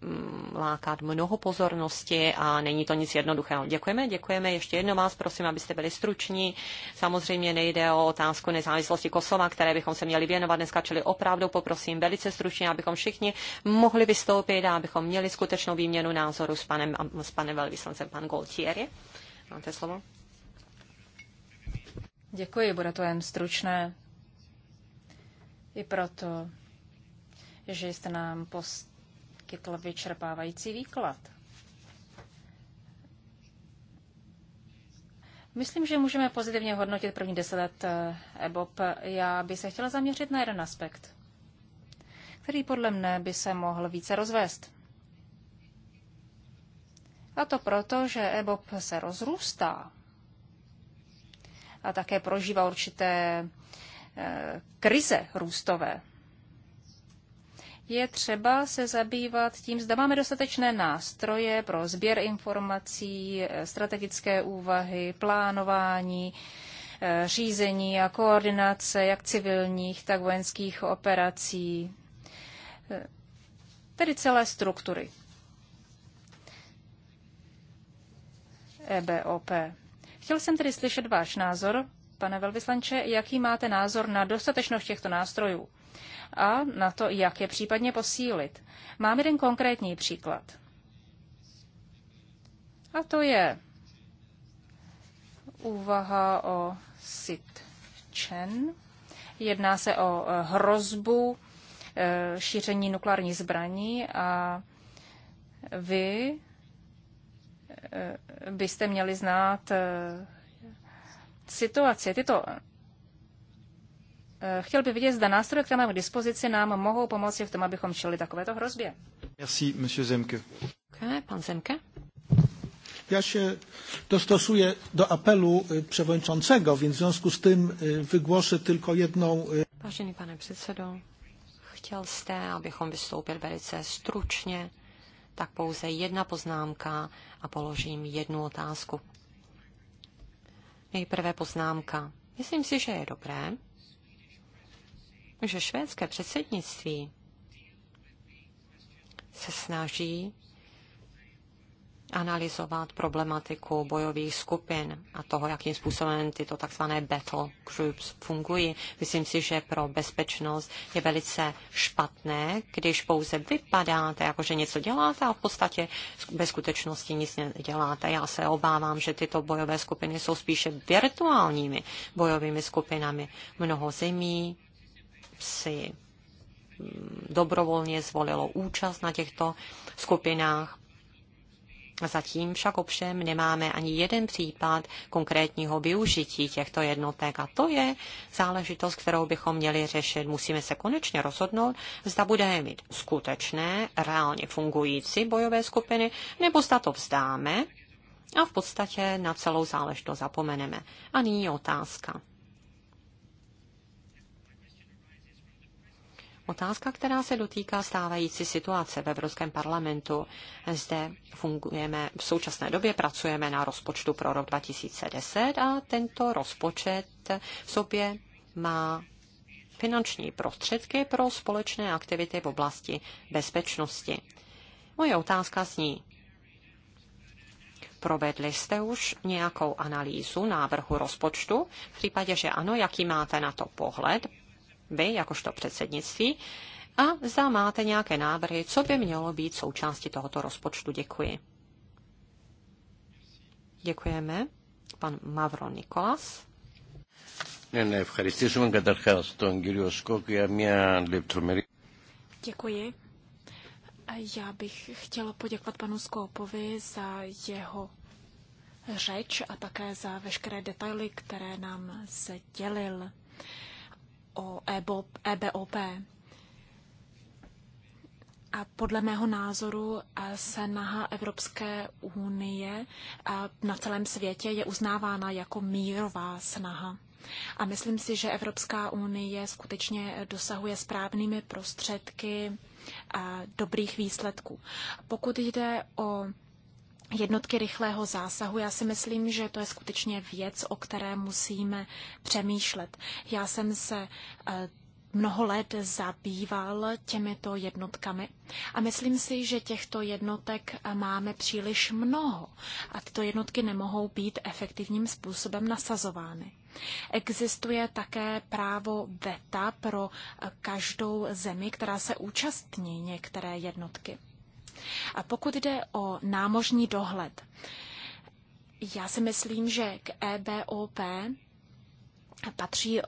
mm, lákat mnoho pozornosti a není to nic jednoduchého. Děkujeme, děkujeme. Ještě jedno vás prosím, abyste byli struční. Samozřejmě nejde o otázku nezávislosti Kosova, které bychom se měli věnovat dneska, čili opravdu poprosím velice stručně, abychom všichni mohli vystoupit a abychom měli skutečnou výměnu názoru s panem, s panem velvyslancem, pan Goltieri. Máte slovo? Děkuji, bude to jen stručné. I proto, že jste nám poskytl vyčerpávající výklad. Myslím, že můžeme pozitivně hodnotit první deset let EBOP. Eh, e Já bych se chtěla zaměřit na jeden aspekt, který podle mne by se mohl více rozvést. A to proto, že EBOP se rozrůstá a také prožívá určité eh, krize růstové je třeba se zabývat tím, zda máme dostatečné nástroje pro sběr informací, eh, strategické úvahy, plánování, eh, řízení a koordinace jak civilních, tak vojenských operací, eh, tedy celé struktury. EBOP. Chtěl jsem tedy slyšet váš názor, pane velvyslanče, jaký máte názor na dostatečnost těchto nástrojů a na to, jak je případně posílit. Mám jeden konkrétní příklad. A to je úvaha o Sit Chen. Jedná se o eh, hrozbu eh, šíření nukleární zbraní a vy eh, byste měli znát situaci. Tyto Eh, chtěl by vidět, zda nástroje, které máme k dispozici, nám mohou pomoci v tom, abychom čelili takovéto hrozbě. Merci, monsieur Zemke. Okay, pan Zemke. Já se dostosuję do apelu e, przewodniczącego, więc w związku s tym e, wygłoszę tylko jedną. E, Vážený pane předsedo, chtěl jste, abychom vystoupil velice stručně, tak pouze jedna poznámka a položím jednu otázku. Nejprve poznámka. Myslím si, že je dobré, že švédské předsednictví se snaží analyzovat problematiku bojových skupin a toho, jakým způsobem tyto tzv. battle groups fungují. Myslím si, že pro bezpečnost je velice špatné, když pouze vypadáte, jako že něco děláte a v podstatě ve skutečnosti nic neděláte. Já se obávám, že tyto bojové skupiny jsou spíše virtuálními bojovými skupinami. Mnoho zemí si mm, dobrovolně zvolilo účast na těchto skupinách. Zatím však ovšem nemáme ani jeden případ konkrétního využití těchto jednotek a to je záležitost, kterou bychom měli řešit. Musíme se konečně rozhodnout, zda budeme mít skutečné, reálně fungující bojové skupiny, nebo zda to vzdáme a v podstatě na celou záležitost zapomeneme. A nyní otázka. Otázka, která se dotýká stávající situace v Evropském parlamentu. Zde fungujeme, v současné době pracujeme na rozpočtu pro rok 2010 a tento rozpočet v sobě má finanční prostředky pro společné aktivity v oblasti bezpečnosti. Moje otázka zní, provedli jste už nějakou analýzu návrhu rozpočtu? V případě, že ano, jaký máte na to pohled? vy, jakožto předsednictví, a zda máte nějaké návrhy, co by mělo být součástí tohoto rozpočtu. Děkuji. Děkujeme. Pan Mavro Nikolas. E Děkuji. Já bych chtěla poděkovat panu Skópovi za jeho řeč a také za veškeré detaily, které nám sdělil. dělil o EBOP. E a podle mého názoru se snaha Evropské unie na celém světě je uznávána jako mírová snaha. A myslím si, že Evropská unie skutečně dosahuje správnými prostředky dobrých výsledků. Pokud jde o jednotky rychlého zásahu. Já si myslím, že to je skutečně věc, o které musíme přemýšlet. Já jsem se eh, mnoho let zabýval těmito jednotkami a myslím si, že těchto jednotek eh, máme příliš mnoho a tyto jednotky nemohou být efektivním způsobem nasazovány. Existuje také právo VETA pro eh, každou zemi, která se účastní některé jednotky. A pokud jde o námořní dohled, já si myslím, že k EBOP patří eh,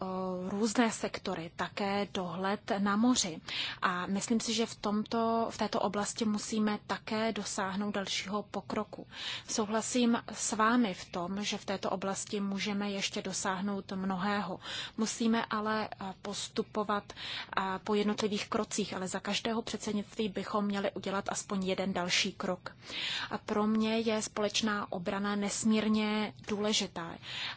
různé sektory, také dohled na moři. A myslím si, že v, tomto, v této oblasti musíme také dosáhnout dalšího pokroku. Souhlasím s vámi v tom, že v této oblasti můžeme ještě dosáhnout mnohého. Musíme ale eh, postupovat eh, po jednotlivých krocích, ale za každého předsednictví bychom měli udělat aspoň jeden další krok. A pro mě je společná obrana nesmírně důležitá.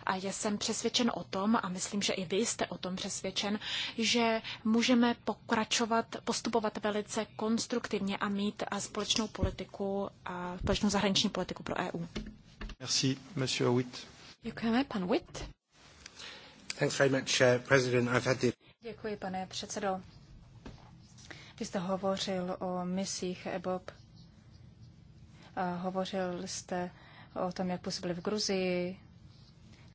A jsem přesvědčen o tom, a myslím, že i vy jste o tom přesvědčen, že můžeme pokračovat, postupovat velice konstruktivně a mít a společnou politiku, a společnou zahraniční politiku pro EU. Merci, monsieur Witt. Děkujeme, pan Witt. Thanks very much, uh, President. I've had the... Děkuji, pane předsedo. Vy jste hovořil o misích EBOB. A hovořil jste o tom, jak působili v Gruzii,